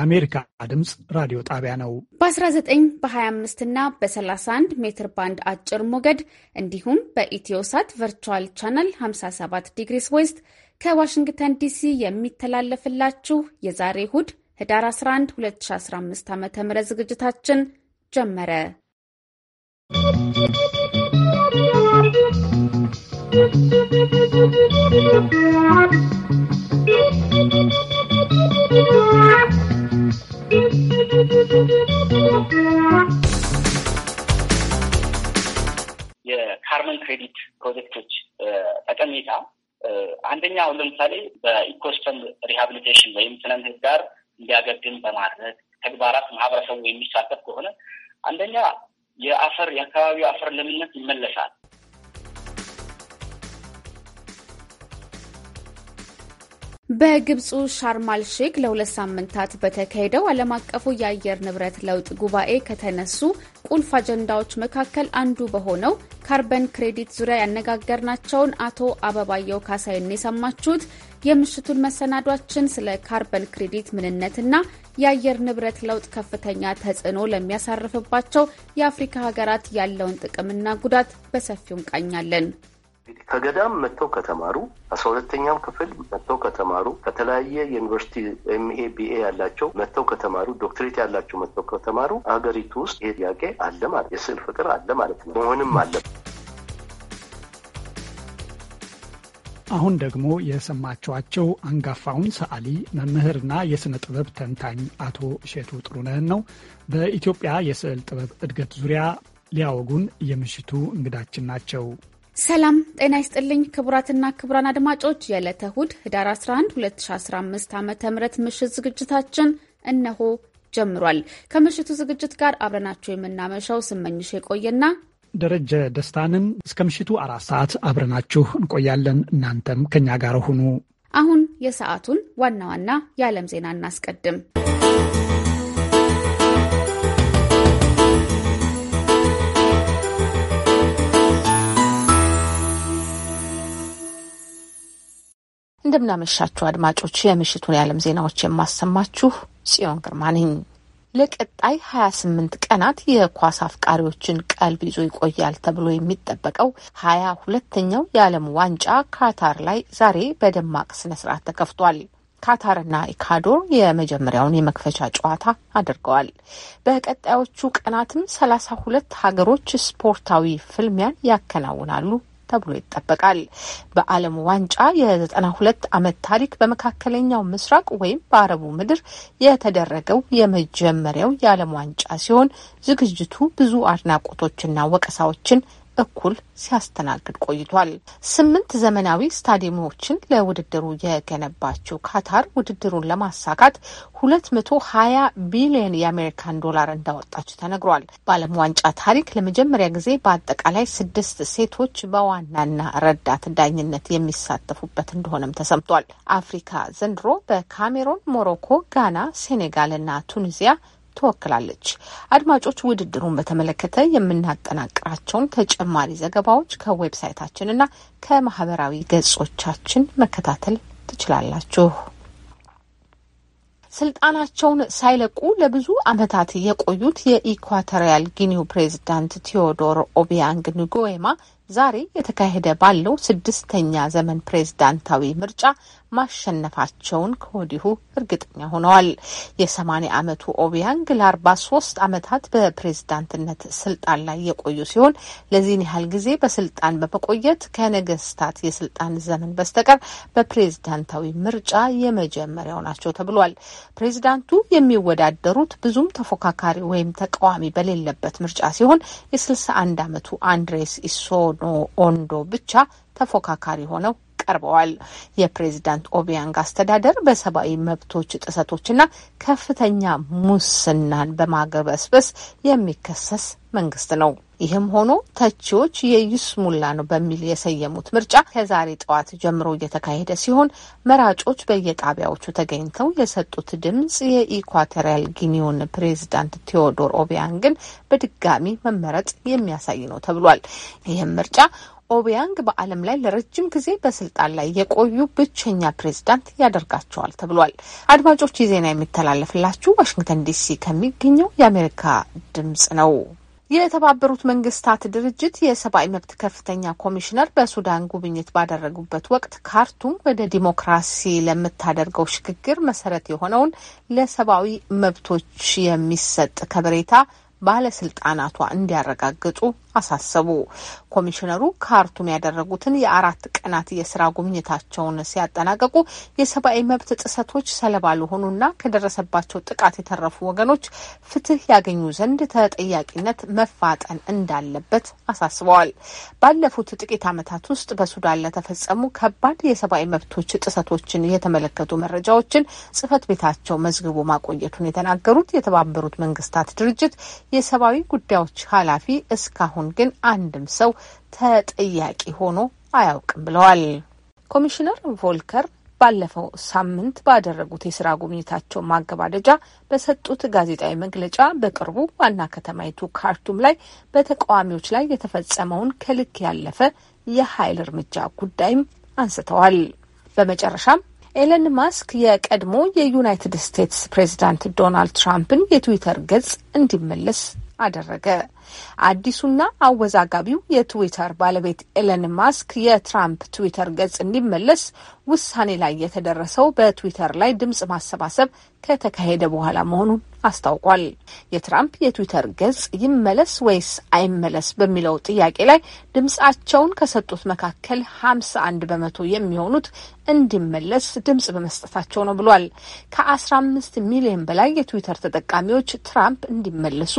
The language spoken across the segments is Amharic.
የአሜሪካ ድምፅ ራዲዮ ጣቢያ ነው። በ19 በ25 እና በ31 ሜትር ባንድ አጭር ሞገድ እንዲሁም በኢትዮሳት ቨርቹዋል ቻናል 57 ዲግሪስ ዌስት ከዋሽንግተን ዲሲ የሚተላለፍላችሁ የዛሬ እሁድ ህዳር 11 2015 ዓ ም ዝግጅታችን ጀመረ። ¶¶ የካርመን ክሬዲት ፕሮጀክቶች ጠቀሜታ አንደኛ አሁን ለምሳሌ በኢኮሲስተም ሪሃብሊቴሽን ወይም ስነምህዳር ጋር እንዲያገግም በማድረግ ተግባራት ማህበረሰቡ የሚሳተፍ ከሆነ አንደኛ የአፈር የአካባቢው አፈር ለምነት ይመለሳል። በግብፁ ሻርማል ሼክ ለሁለት ሳምንታት በተካሄደው ዓለም አቀፉ የአየር ንብረት ለውጥ ጉባኤ ከተነሱ ቁልፍ አጀንዳዎች መካከል አንዱ በሆነው ካርበን ክሬዲት ዙሪያ ያነጋገርናቸውን አቶ አበባየው ካሳይን የሰማችሁት። የምሽቱን መሰናዷችን ስለ ካርበን ክሬዲት ምንነትና የአየር ንብረት ለውጥ ከፍተኛ ተጽዕኖ ለሚያሳርፍባቸው የአፍሪካ ሀገራት ያለውን ጥቅምና ጉዳት በሰፊው እንቃኛለን። እንግዲህ ከገዳም መጥተው ከተማሩ አስራ ሁለተኛም ክፍል መጥተው ከተማሩ ከተለያየ ዩኒቨርሲቲ ኤምኤ ቢኤ ያላቸው መጥተው ከተማሩ ዶክትሬት ያላቸው መጥተው ከተማሩ አገሪቱ ውስጥ ይሄ ጥያቄ አለ ማለት የስዕል ፍቅር አለ ማለት ነው መሆንም አለ። አሁን ደግሞ የሰማችኋቸው አንጋፋውን ሰዓሊ መምህርና የሥነ ጥበብ ተንታኝ አቶ እሸቱ ጥሩነህን ነው። በኢትዮጵያ የስዕል ጥበብ እድገት ዙሪያ ሊያወጉን የምሽቱ እንግዳችን ናቸው። ሰላም ጤና ይስጥልኝ ክቡራትና ክቡራን አድማጮች የዕለተ እሁድ ህዳር 11 2015 ዓ ም ምሽት ዝግጅታችን እነሆ ጀምሯል። ከምሽቱ ዝግጅት ጋር አብረናቸው የምናመሻው ስመኝሽ የቆየና ደረጀ ደስታንን እስከ ምሽቱ አራት ሰዓት አብረናችሁ እንቆያለን። እናንተም ከኛ ጋር ሁኑ። አሁን የሰዓቱን ዋና ዋና የዓለም ዜና እናስቀድም። እንደምናመሻችሁ አድማጮች፣ የምሽቱን የዓለም ዜናዎች የማሰማችሁ ጽዮን ግርማ ነኝ። ለቀጣይ 28 ቀናት የኳስ አፍቃሪዎችን ቀልብ ይዞ ይቆያል ተብሎ የሚጠበቀው ሀያ ሁለተኛው የዓለም ዋንጫ ካታር ላይ ዛሬ በደማቅ ስነ ስርዓት ተከፍቷል። ካታርና ኢካዶር የመጀመሪያውን የመክፈቻ ጨዋታ አድርገዋል። በቀጣዮቹ ቀናትም ሰላሳ ሁለት ሀገሮች ስፖርታዊ ፍልሚያን ያከናውናሉ ተብሎ ይጠበቃል። በዓለም ዋንጫ የዘጠና ሁለት ዓመት ታሪክ በመካከለኛው ምስራቅ ወይም በአረቡ ምድር የተደረገው የመጀመሪያው የዓለም ዋንጫ ሲሆን ዝግጅቱ ብዙ አድናቆቶችና ወቀሳዎችን እኩል ሲያስተናግድ ቆይቷል። ስምንት ዘመናዊ ስታዲየሞችን ለውድድሩ የገነባችው ካታር ውድድሩን ለማሳካት ሁለት መቶ ሀያ ቢሊዮን የአሜሪካን ዶላር እንዳወጣች ተነግሯል። በዓለም ዋንጫ ታሪክ ለመጀመሪያ ጊዜ በአጠቃላይ ስድስት ሴቶች በዋናና ረዳት ዳኝነት የሚሳተፉበት እንደሆነም ተሰምቷል። አፍሪካ ዘንድሮ በካሜሮን፣ ሞሮኮ፣ ጋና፣ ሴኔጋል እና ቱኒዚያ ትወክላለች። አድማጮች ውድድሩን በተመለከተ የምናጠናቅራቸውን ተጨማሪ ዘገባዎች ከዌብሳይታችን ና ከማህበራዊ ገጾቻችን መከታተል ትችላላችሁ። ስልጣናቸውን ሳይለቁ ለብዙ ዓመታት የቆዩት የኢኳቶሪያል ጊኒው ፕሬዚዳንት ቴዎዶር ኦቢያንግ ንጎዌማ ዛሬ የተካሄደ ባለው ስድስተኛ ዘመን ፕሬዝዳንታዊ ምርጫ ማሸነፋቸውን ከወዲሁ እርግጠኛ ሆነዋል። የሰማኒያ ዓመቱ ኦቢያንግ ለአርባ ሶስት ዓመታት በፕሬዝዳንትነት ስልጣን ላይ የቆዩ ሲሆን ለዚህን ያህል ጊዜ በስልጣን በመቆየት ከነገስታት የስልጣን ዘመን በስተቀር በፕሬዝዳንታዊ ምርጫ የመጀመሪያው ናቸው ተብሏል። ፕሬዝዳንቱ የሚወዳደሩት ብዙም ተፎካካሪ ወይም ተቃዋሚ በሌለበት ምርጫ ሲሆን የስልሳ አንድ ዓመቱ አንድሬስ ኢሶኖ ኦንዶ ብቻ ተፎካካሪ ሆነው ቀርበዋል። የፕሬዚዳንት ኦቢያንግ አስተዳደር በሰብአዊ መብቶች ጥሰቶችና ከፍተኛ ሙስናን በማገበስበስ የሚከሰስ መንግስት ነው። ይህም ሆኖ ተቺዎች የይስሙላ ነው በሚል የሰየሙት ምርጫ ከዛሬ ጠዋት ጀምሮ እየተካሄደ ሲሆን መራጮች በየጣቢያዎቹ ተገኝተው የሰጡት ድምጽ የኢኳቶሪያል ጊኒውን ፕሬዚዳንት ቴዎዶር ኦቢያንግን በድጋሚ መመረጥ የሚያሳይ ነው ተብሏል። ይህም ምርጫ ኦቢያንግ በዓለም ላይ ለረጅም ጊዜ በስልጣን ላይ የቆዩ ብቸኛ ፕሬዝዳንት ያደርጋቸዋል ተብሏል። አድማጮች ዜና የሚተላለፍላችሁ ዋሽንግተን ዲሲ ከሚገኘው የአሜሪካ ድምጽ ነው። የተባበሩት መንግስታት ድርጅት የሰብአዊ መብት ከፍተኛ ኮሚሽነር በሱዳን ጉብኝት ባደረጉበት ወቅት ካርቱም ወደ ዲሞክራሲ ለምታደርገው ሽግግር መሰረት የሆነውን ለሰብአዊ መብቶች የሚሰጥ ከበሬታ ባለስልጣናቷ እንዲያረጋግጡ አሳሰቡ። ኮሚሽነሩ ካርቱም ያደረጉትን የአራት ቀናት የስራ ጉብኝታቸውን ሲያጠናቀቁ የሰብአዊ መብት ጥሰቶች ሰለባ ለሆኑና ከደረሰባቸው ጥቃት የተረፉ ወገኖች ፍትህ ያገኙ ዘንድ ተጠያቂነት መፋጠን እንዳለበት አሳስበዋል። ባለፉት ጥቂት ዓመታት ውስጥ በሱዳን ለተፈጸሙ ከባድ የሰብአዊ መብቶች ጥሰቶችን የተመለከቱ መረጃዎችን ጽህፈት ቤታቸው መዝግቦ ማቆየቱን የተናገሩት የተባበሩት መንግስታት ድርጅት የሰብአዊ ጉዳዮች ኃላፊ እስካሁን እስካሁን ግን አንድም ሰው ተጠያቂ ሆኖ አያውቅም ብለዋል። ኮሚሽነር ቮልከር ባለፈው ሳምንት ባደረጉት የስራ ጉብኝታቸው ማገባደጃ በሰጡት ጋዜጣዊ መግለጫ በቅርቡ ዋና ከተማይቱ ካርቱም ላይ በተቃዋሚዎች ላይ የተፈጸመውን ከልክ ያለፈ የኃይል እርምጃ ጉዳይም አንስተዋል። በመጨረሻም ኤለን ማስክ የቀድሞ የዩናይትድ ስቴትስ ፕሬዚዳንት ዶናልድ ትራምፕን የትዊተር ገጽ እንዲመለስ አደረገ። አዲሱና አወዛጋቢው የትዊተር ባለቤት ኤለን ማስክ የትራምፕ ትዊተር ገጽ እንዲመለስ ውሳኔ ላይ የተደረሰው በትዊተር ላይ ድምፅ ማሰባሰብ ከተካሄደ በኋላ መሆኑን አስታውቋል። የትራምፕ የትዊተር ገጽ ይመለስ ወይስ አይመለስ በሚለው ጥያቄ ላይ ድምፃቸውን ከሰጡት መካከል ሀምሳ አንድ በመቶ የሚሆኑት እንዲመለስ ድምፅ በመስጠታቸው ነው ብሏል። ከአስራ አምስት ሚሊዮን በላይ የትዊተር ተጠቃሚዎች ትራምፕ እንዲመለሱ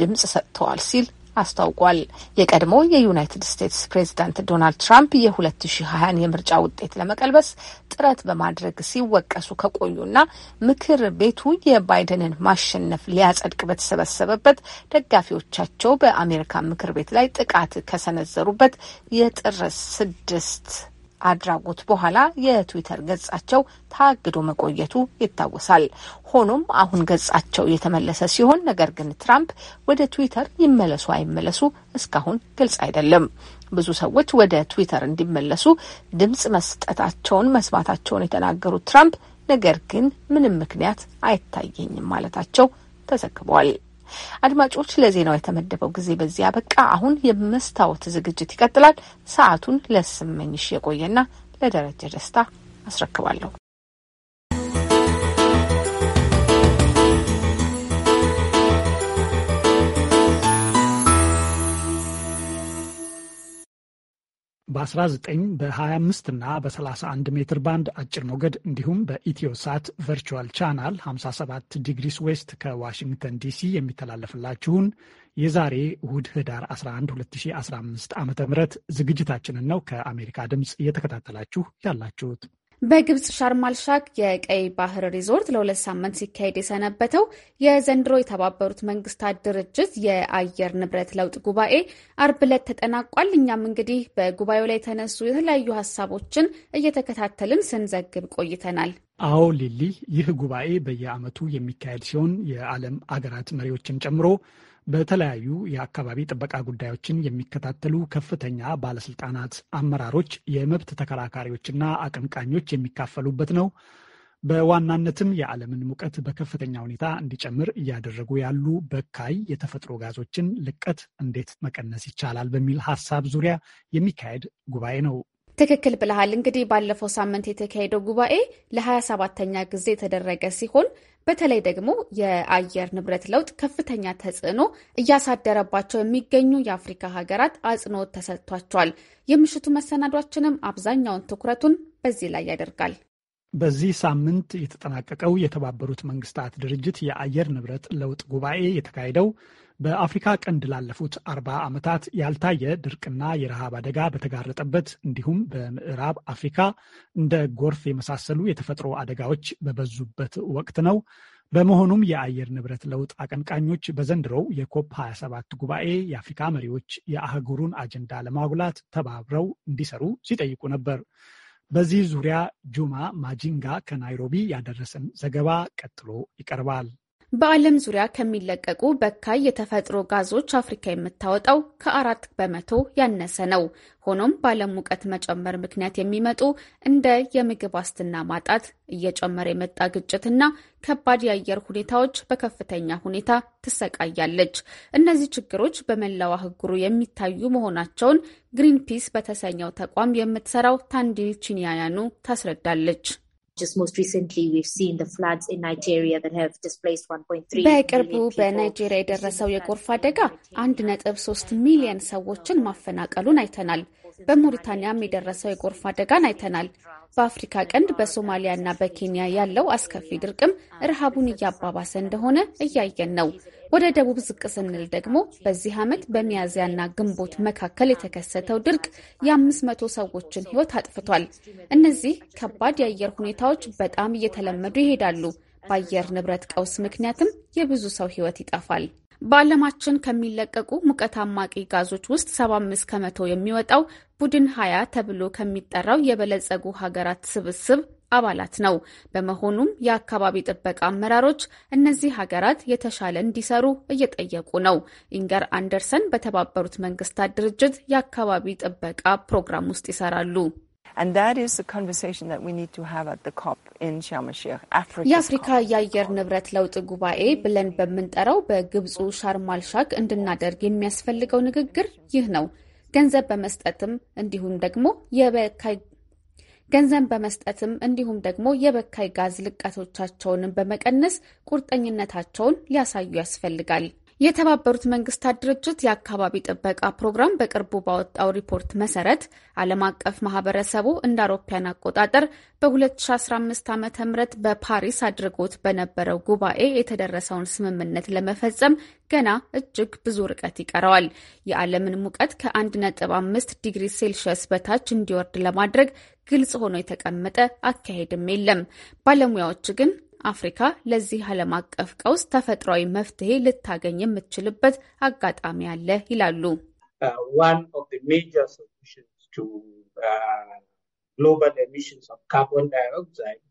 ድምፅ ሰጥተዋል ሲል አስታውቋል። የቀድሞ የዩናይትድ ስቴትስ ፕሬዚዳንት ዶናልድ ትራምፕ የ2020 የምርጫ ውጤት ለመቀልበስ ጥረት በማድረግ ሲወቀሱ ከቆዩና ምክር ቤቱ የባይደንን ማሸነፍ ሊያጸድቅ በተሰበሰበበት ደጋፊዎቻቸው በአሜሪካ ምክር ቤት ላይ ጥቃት ከሰነዘሩበት የጥር ስድስት አድራጎት በኋላ የትዊተር ገጻቸው ታግዶ መቆየቱ ይታወሳል። ሆኖም አሁን ገጻቸው የተመለሰ ሲሆን ነገር ግን ትራምፕ ወደ ትዊተር ይመለሱ አይመለሱ እስካሁን ግልጽ አይደለም። ብዙ ሰዎች ወደ ትዊተር እንዲመለሱ ድምጽ መስጠታቸውን መስማታቸውን የተናገሩት ትራምፕ ነገር ግን ምንም ምክንያት አይታየኝም ማለታቸው ተዘግቧል። አድማጮች፣ ለዜናው የተመደበው ጊዜ በዚህ አበቃ። አሁን የመስታወት ዝግጅት ይቀጥላል። ሰዓቱን ለስመኝሽ የቆየና ለደረጀ ደስታ አስረክባለሁ። በ19 በ25 እና በ31 ሜትር ባንድ አጭር ሞገድ እንዲሁም ሳት ቨርቹዋል ቻናል 57 ዲግሪስ ዌስት ከዋሽንግተን ዲሲ የሚተላለፍላችሁን የዛሬ እሁድ ህዳር 11 2015 ዓ ም ዝግጅታችንን ነው ከአሜሪካ ድምፅ እየተከታተላችሁ ያላችሁት። በግብጽ ሻርማልሻክ የቀይ ባህር ሪዞርት ለሁለት ሳምንት ሲካሄድ የሰነበተው የዘንድሮ የተባበሩት መንግስታት ድርጅት የአየር ንብረት ለውጥ ጉባኤ አርብ ዕለት ተጠናቋል። እኛም እንግዲህ በጉባኤው ላይ የተነሱ የተለያዩ ሀሳቦችን እየተከታተልን ስንዘግብ ቆይተናል። አዎ ሊሊ፣ ይህ ጉባኤ በየዓመቱ የሚካሄድ ሲሆን የዓለም አገራት መሪዎችን ጨምሮ በተለያዩ የአካባቢ ጥበቃ ጉዳዮችን የሚከታተሉ ከፍተኛ ባለስልጣናት፣ አመራሮች፣ የመብት ተከራካሪዎችና አቀንቃኞች የሚካፈሉበት ነው። በዋናነትም የዓለምን ሙቀት በከፍተኛ ሁኔታ እንዲጨምር እያደረጉ ያሉ በካይ የተፈጥሮ ጋዞችን ልቀት እንዴት መቀነስ ይቻላል በሚል ሀሳብ ዙሪያ የሚካሄድ ጉባኤ ነው። ትክክል ብለሃል። እንግዲህ ባለፈው ሳምንት የተካሄደው ጉባኤ ለ ለ27ተኛ ጊዜ የተደረገ ሲሆን በተለይ ደግሞ የአየር ንብረት ለውጥ ከፍተኛ ተጽዕኖ እያሳደረባቸው የሚገኙ የአፍሪካ ሀገራት አጽንኦት ተሰጥቷቸዋል። የምሽቱ መሰናዷችንም አብዛኛውን ትኩረቱን በዚህ ላይ ያደርጋል። በዚህ ሳምንት የተጠናቀቀው የተባበሩት መንግስታት ድርጅት የአየር ንብረት ለውጥ ጉባኤ የተካሄደው በአፍሪካ ቀንድ ላለፉት አርባ ዓመታት ያልታየ ድርቅና የረሃብ አደጋ በተጋረጠበት እንዲሁም በምዕራብ አፍሪካ እንደ ጎርፍ የመሳሰሉ የተፈጥሮ አደጋዎች በበዙበት ወቅት ነው። በመሆኑም የአየር ንብረት ለውጥ አቀንቃኞች በዘንድሮው የኮፕ 27 ጉባኤ የአፍሪካ መሪዎች የአህጉሩን አጀንዳ ለማጉላት ተባብረው እንዲሰሩ ሲጠይቁ ነበር። በዚህ ዙሪያ ጁማ ማጂንጋ ከናይሮቢ ያደረሰን ዘገባ ቀጥሎ ይቀርባል። በዓለም ዙሪያ ከሚለቀቁ በካይ የተፈጥሮ ጋዞች አፍሪካ የምታወጣው ከአራት በመቶ ያነሰ ነው። ሆኖም በዓለም ሙቀት መጨመር ምክንያት የሚመጡ እንደ የምግብ ዋስትና ማጣት፣ እየጨመረ የመጣ ግጭትና ከባድ የአየር ሁኔታዎች በከፍተኛ ሁኔታ ትሰቃያለች። እነዚህ ችግሮች በመላው አህጉሩ የሚታዩ መሆናቸውን ግሪንፒስ በተሰኘው ተቋም የምትሰራው ታንዲ ቺኒያያኑ ታስረዳለች። በቅርቡ በናይጄሪያ የደረሰው የጎርፍ አደጋ አንድ ነጥብ ሶስት ሚሊየን ሰዎችን ማፈናቀሉን አይተናል። በሞሪታኒያም የደረሰው የጎርፍ አደጋን አይተናል። በአፍሪካ ቀንድ በሶማሊያና በኬንያ ያለው አስከፊ ድርቅም ረሃቡን እያባባሰ እንደሆነ እያየን ነው። ወደ ደቡብ ዝቅ ስንል ደግሞ በዚህ ዓመት በሚያዝያና ግንቦት መካከል የተከሰተው ድርቅ የ500 ሰዎችን ሕይወት አጥፍቷል። እነዚህ ከባድ የአየር ሁኔታዎች በጣም እየተለመዱ ይሄዳሉ። በአየር ንብረት ቀውስ ምክንያትም የብዙ ሰው ሕይወት ይጠፋል። በዓለማችን ከሚለቀቁ ሙቀት አማቂ ጋዞች ውስጥ 75 ከመቶ የሚወጣው ቡድን ሀያ ተብሎ ከሚጠራው የበለጸጉ ሀገራት ስብስብ አባላት ነው። በመሆኑም የአካባቢ ጥበቃ አመራሮች እነዚህ ሀገራት የተሻለ እንዲሰሩ እየጠየቁ ነው። ኢንገር አንደርሰን በተባበሩት መንግስታት ድርጅት የአካባቢ ጥበቃ ፕሮግራም ውስጥ ይሰራሉ። የአፍሪካ የአየር ንብረት ለውጥ ጉባኤ ብለን በምንጠራው በግብፁ ሻርማልሻክ እንድናደርግ የሚያስፈልገው ንግግር ይህ ነው። ገንዘብ በመስጠትም እንዲሁም ደግሞ ገንዘብ በመስጠትም እንዲሁም ደግሞ የበካይ ጋዝ ልቀቶቻቸውንም በመቀነስ ቁርጠኝነታቸውን ሊያሳዩ ያስፈልጋል። የተባበሩት መንግስታት ድርጅት የአካባቢ ጥበቃ ፕሮግራም በቅርቡ ባወጣው ሪፖርት መሰረት ዓለም አቀፍ ማህበረሰቡ እንደ አውሮፓያን አቆጣጠር በ2015 ዓ ም በፓሪስ አድርጎት በነበረው ጉባኤ የተደረሰውን ስምምነት ለመፈጸም ገና እጅግ ብዙ ርቀት ይቀረዋል። የዓለምን ሙቀት ከ1.5 ዲግሪ ሴልሺየስ በታች እንዲወርድ ለማድረግ ግልጽ ሆኖ የተቀመጠ አካሄድም የለም። ባለሙያዎች ግን አፍሪካ ለዚህ ዓለም አቀፍ ቀውስ ተፈጥሯዊ መፍትሄ ልታገኝ የምትችልበት አጋጣሚ አለ ይላሉ። ግሎባል ኤሚሽንስ ካርቦን ዳይኦክሳይድ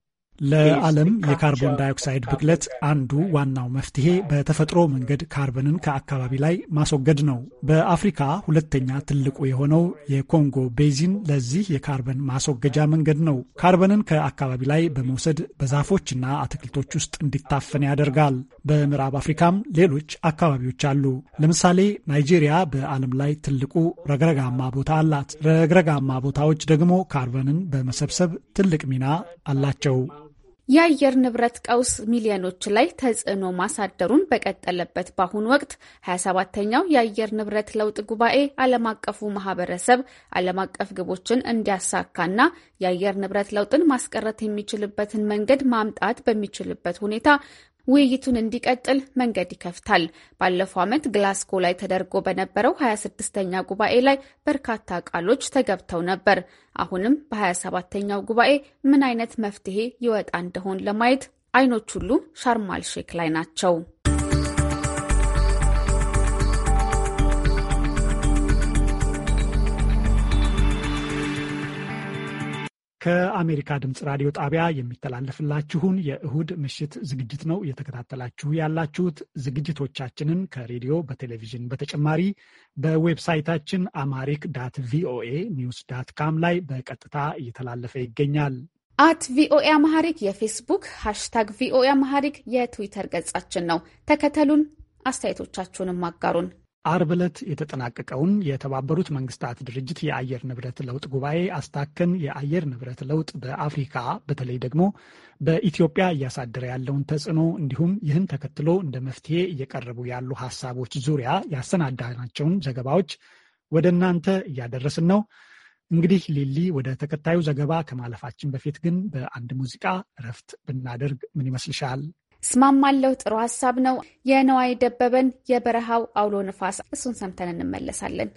ለዓለም የካርቦን ዳይኦክሳይድ ብክለት አንዱ ዋናው መፍትሄ በተፈጥሮ መንገድ ካርበንን ከአካባቢ ላይ ማስወገድ ነው። በአፍሪካ ሁለተኛ ትልቁ የሆነው የኮንጎ ቤዚን ለዚህ የካርበን ማስወገጃ መንገድ ነው። ካርበንን ከአካባቢ ላይ በመውሰድ በዛፎችና አትክልቶች ውስጥ እንዲታፈን ያደርጋል። በምዕራብ አፍሪካም ሌሎች አካባቢዎች አሉ። ለምሳሌ ናይጄሪያ በዓለም ላይ ትልቁ ረግረጋማ ቦታ አላት። ረግረጋማ ቦታዎች ደግሞ ካርበንን በመሰብሰብ ትልቅ ሚና አላቸው። የአየር ንብረት ቀውስ ሚሊዮኖች ላይ ተጽዕኖ ማሳደሩን በቀጠለበት በአሁኑ ወቅት 27ተኛው የአየር ንብረት ለውጥ ጉባኤ ዓለም አቀፉ ማህበረሰብ ዓለም አቀፍ ግቦችን እንዲያሳካና የአየር ንብረት ለውጥን ማስቀረት የሚችልበትን መንገድ ማምጣት በሚችልበት ሁኔታ ውይይቱን እንዲቀጥል መንገድ ይከፍታል። ባለፈው ዓመት ግላስጎ ላይ ተደርጎ በነበረው 26ኛ ጉባኤ ላይ በርካታ ቃሎች ተገብተው ነበር። አሁንም በ27ኛው ጉባኤ ምን አይነት መፍትሄ ይወጣ እንደሆን ለማየት አይኖች ሁሉ ሻርማል ሼክ ላይ ናቸው። ከአሜሪካ ድምፅ ራዲዮ ጣቢያ የሚተላለፍላችሁን የእሁድ ምሽት ዝግጅት ነው እየተከታተላችሁ ያላችሁት። ዝግጅቶቻችንን ከሬዲዮ በቴሌቪዥን በተጨማሪ በዌብሳይታችን አማሪክ ዳት ቪኦኤ ኒውስ ዳት ካም ላይ በቀጥታ እየተላለፈ ይገኛል። አት ቪኦኤ አማሃሪክ የፌስቡክ ሃሽታግ ቪኦኤ አማሃሪክ የትዊተር ገጻችን ነው። ተከተሉን፣ አስተያየቶቻችሁንም አጋሩን። አርብ ዕለት የተጠናቀቀውን የተባበሩት መንግስታት ድርጅት የአየር ንብረት ለውጥ ጉባኤ አስታከን የአየር ንብረት ለውጥ በአፍሪካ በተለይ ደግሞ በኢትዮጵያ እያሳደረ ያለውን ተጽዕኖ እንዲሁም ይህን ተከትሎ እንደ መፍትሄ እየቀረቡ ያሉ ሀሳቦች ዙሪያ ያሰናዳናቸውን ዘገባዎች ወደ እናንተ እያደረስን ነው። እንግዲህ ሊሊ፣ ወደ ተከታዩ ዘገባ ከማለፋችን በፊት ግን በአንድ ሙዚቃ እረፍት ብናደርግ ምን ይመስልሻል? እስማማለሁ። ጥሩ ሀሳብ ነው። የነዋይ ደበበን የበረሃው አውሎ ንፋስ እሱን ሰምተን እንመለሳለን።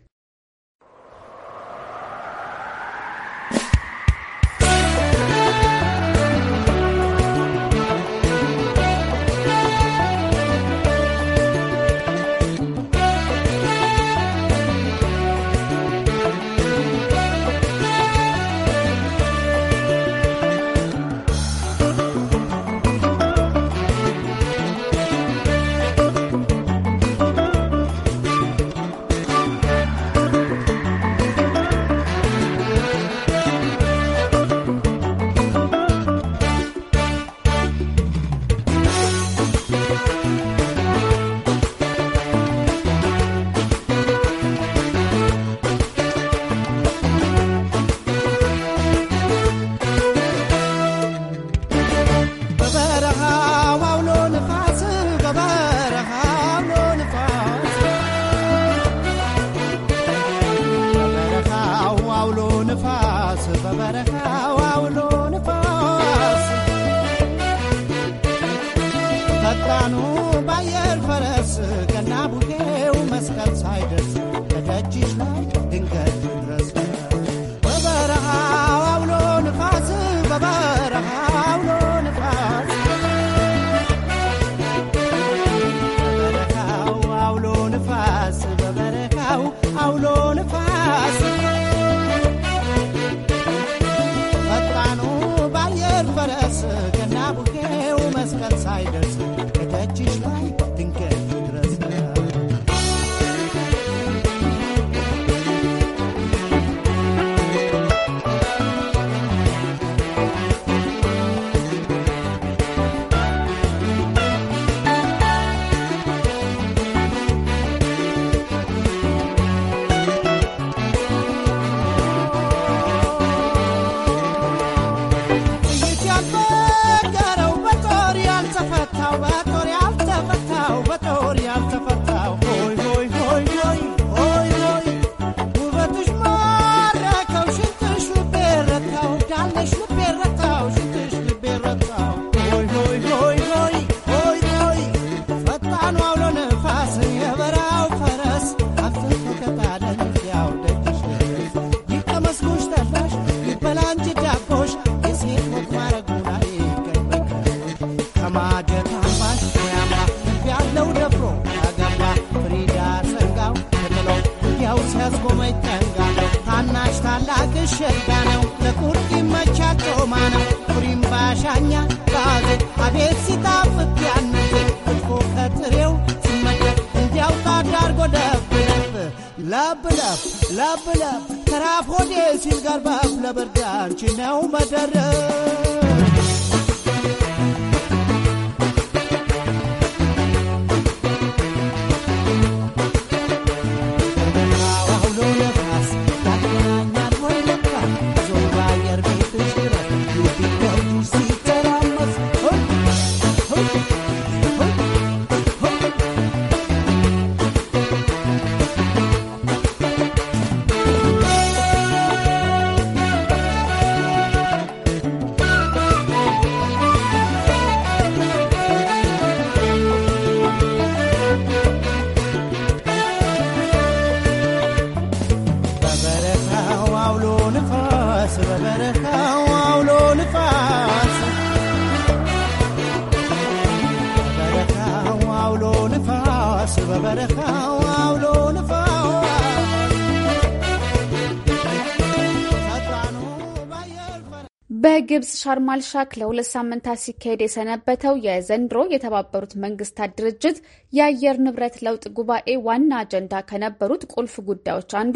ሻርም ለሁለት ሳምንታት ሲካሄድ የሰነበተው የዘንድሮ የተባበሩት መንግስታት ድርጅት የአየር ንብረት ለውጥ ጉባኤ ዋና አጀንዳ ከነበሩት ቁልፍ ጉዳዮች አንዱ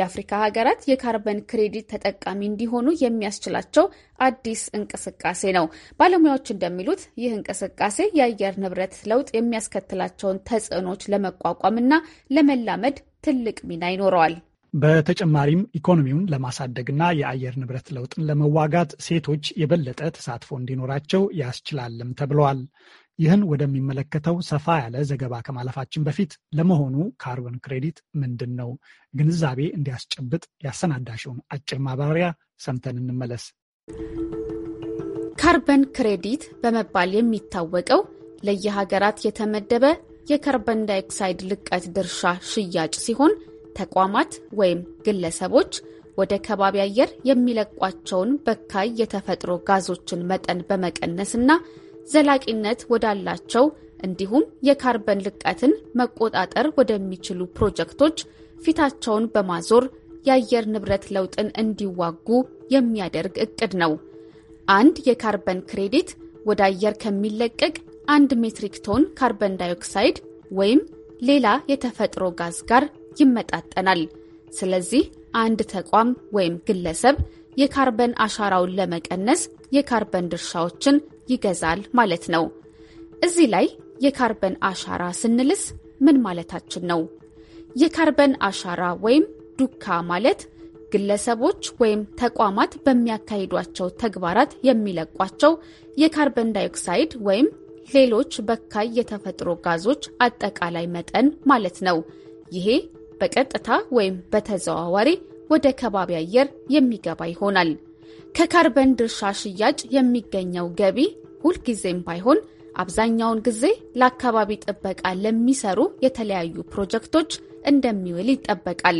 የአፍሪካ ሀገራት የካርበን ክሬዲት ተጠቃሚ እንዲሆኑ የሚያስችላቸው አዲስ እንቅስቃሴ ነው። ባለሙያዎች እንደሚሉት ይህ እንቅስቃሴ የአየር ንብረት ለውጥ የሚያስከትላቸውን ተጽዕኖች ለመቋቋምና ለመላመድ ትልቅ ሚና ይኖረዋል። በተጨማሪም ኢኮኖሚውን ለማሳደግና የአየር ንብረት ለውጥን ለመዋጋት ሴቶች የበለጠ ተሳትፎ እንዲኖራቸው ያስችላልም ተብለዋል። ይህን ወደሚመለከተው ሰፋ ያለ ዘገባ ከማለፋችን በፊት ለመሆኑ ካርቦን ክሬዲት ምንድን ነው? ግንዛቤ እንዲያስጨብጥ ያሰናዳሽውን አጭር ማብራሪያ ሰምተን እንመለስ። ካርበን ክሬዲት በመባል የሚታወቀው ለየሀገራት የተመደበ የካርበን ዳይኦክሳይድ ልቀት ድርሻ ሽያጭ ሲሆን ተቋማት ወይም ግለሰቦች ወደ ከባቢ አየር የሚለቋቸውን በካይ የተፈጥሮ ጋዞችን መጠን በመቀነስና ዘላቂነት ወዳላቸው እንዲሁም የካርበን ልቀትን መቆጣጠር ወደሚችሉ ፕሮጀክቶች ፊታቸውን በማዞር የአየር ንብረት ለውጥን እንዲዋጉ የሚያደርግ እቅድ ነው። አንድ የካርበን ክሬዲት ወደ አየር ከሚለቀቅ አንድ ሜትሪክ ቶን ካርበን ዳይኦክሳይድ ወይም ሌላ የተፈጥሮ ጋዝ ጋር ይመጣጠናል። ስለዚህ አንድ ተቋም ወይም ግለሰብ የካርበን አሻራውን ለመቀነስ የካርበን ድርሻዎችን ይገዛል ማለት ነው። እዚህ ላይ የካርበን አሻራ ስንልስ ምን ማለታችን ነው? የካርበን አሻራ ወይም ዱካ ማለት ግለሰቦች ወይም ተቋማት በሚያካሂዷቸው ተግባራት የሚለቋቸው የካርበን ዳይኦክሳይድ ወይም ሌሎች በካይ የተፈጥሮ ጋዞች አጠቃላይ መጠን ማለት ነው። ይሄ በቀጥታ ወይም በተዘዋዋሪ ወደ ከባቢ አየር የሚገባ ይሆናል። ከካርበን ድርሻ ሽያጭ የሚገኘው ገቢ ሁልጊዜም ባይሆን አብዛኛውን ጊዜ ለአካባቢ ጥበቃ ለሚሰሩ የተለያዩ ፕሮጀክቶች እንደሚውል ይጠበቃል።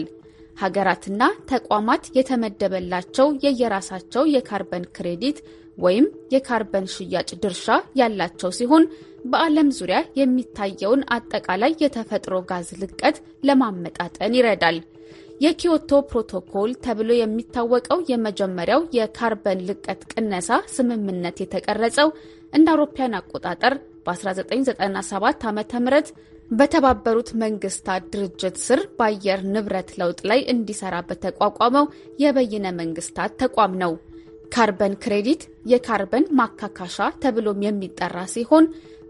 ሀገራትና ተቋማት የተመደበላቸው የየራሳቸው የካርበን ክሬዲት ወይም የካርበን ሽያጭ ድርሻ ያላቸው ሲሆን በዓለም ዙሪያ የሚታየውን አጠቃላይ የተፈጥሮ ጋዝ ልቀት ለማመጣጠን ይረዳል። የኪዮቶ ፕሮቶኮል ተብሎ የሚታወቀው የመጀመሪያው የካርበን ልቀት ቅነሳ ስምምነት የተቀረጸው እንደ አውሮፓያን አቆጣጠር በ1997 ዓ ም በተባበሩት መንግስታት ድርጅት ስር በአየር ንብረት ለውጥ ላይ እንዲሰራ በተቋቋመው የበይነ መንግስታት ተቋም ነው። ካርበን ክሬዲት የካርበን ማካካሻ ተብሎም የሚጠራ ሲሆን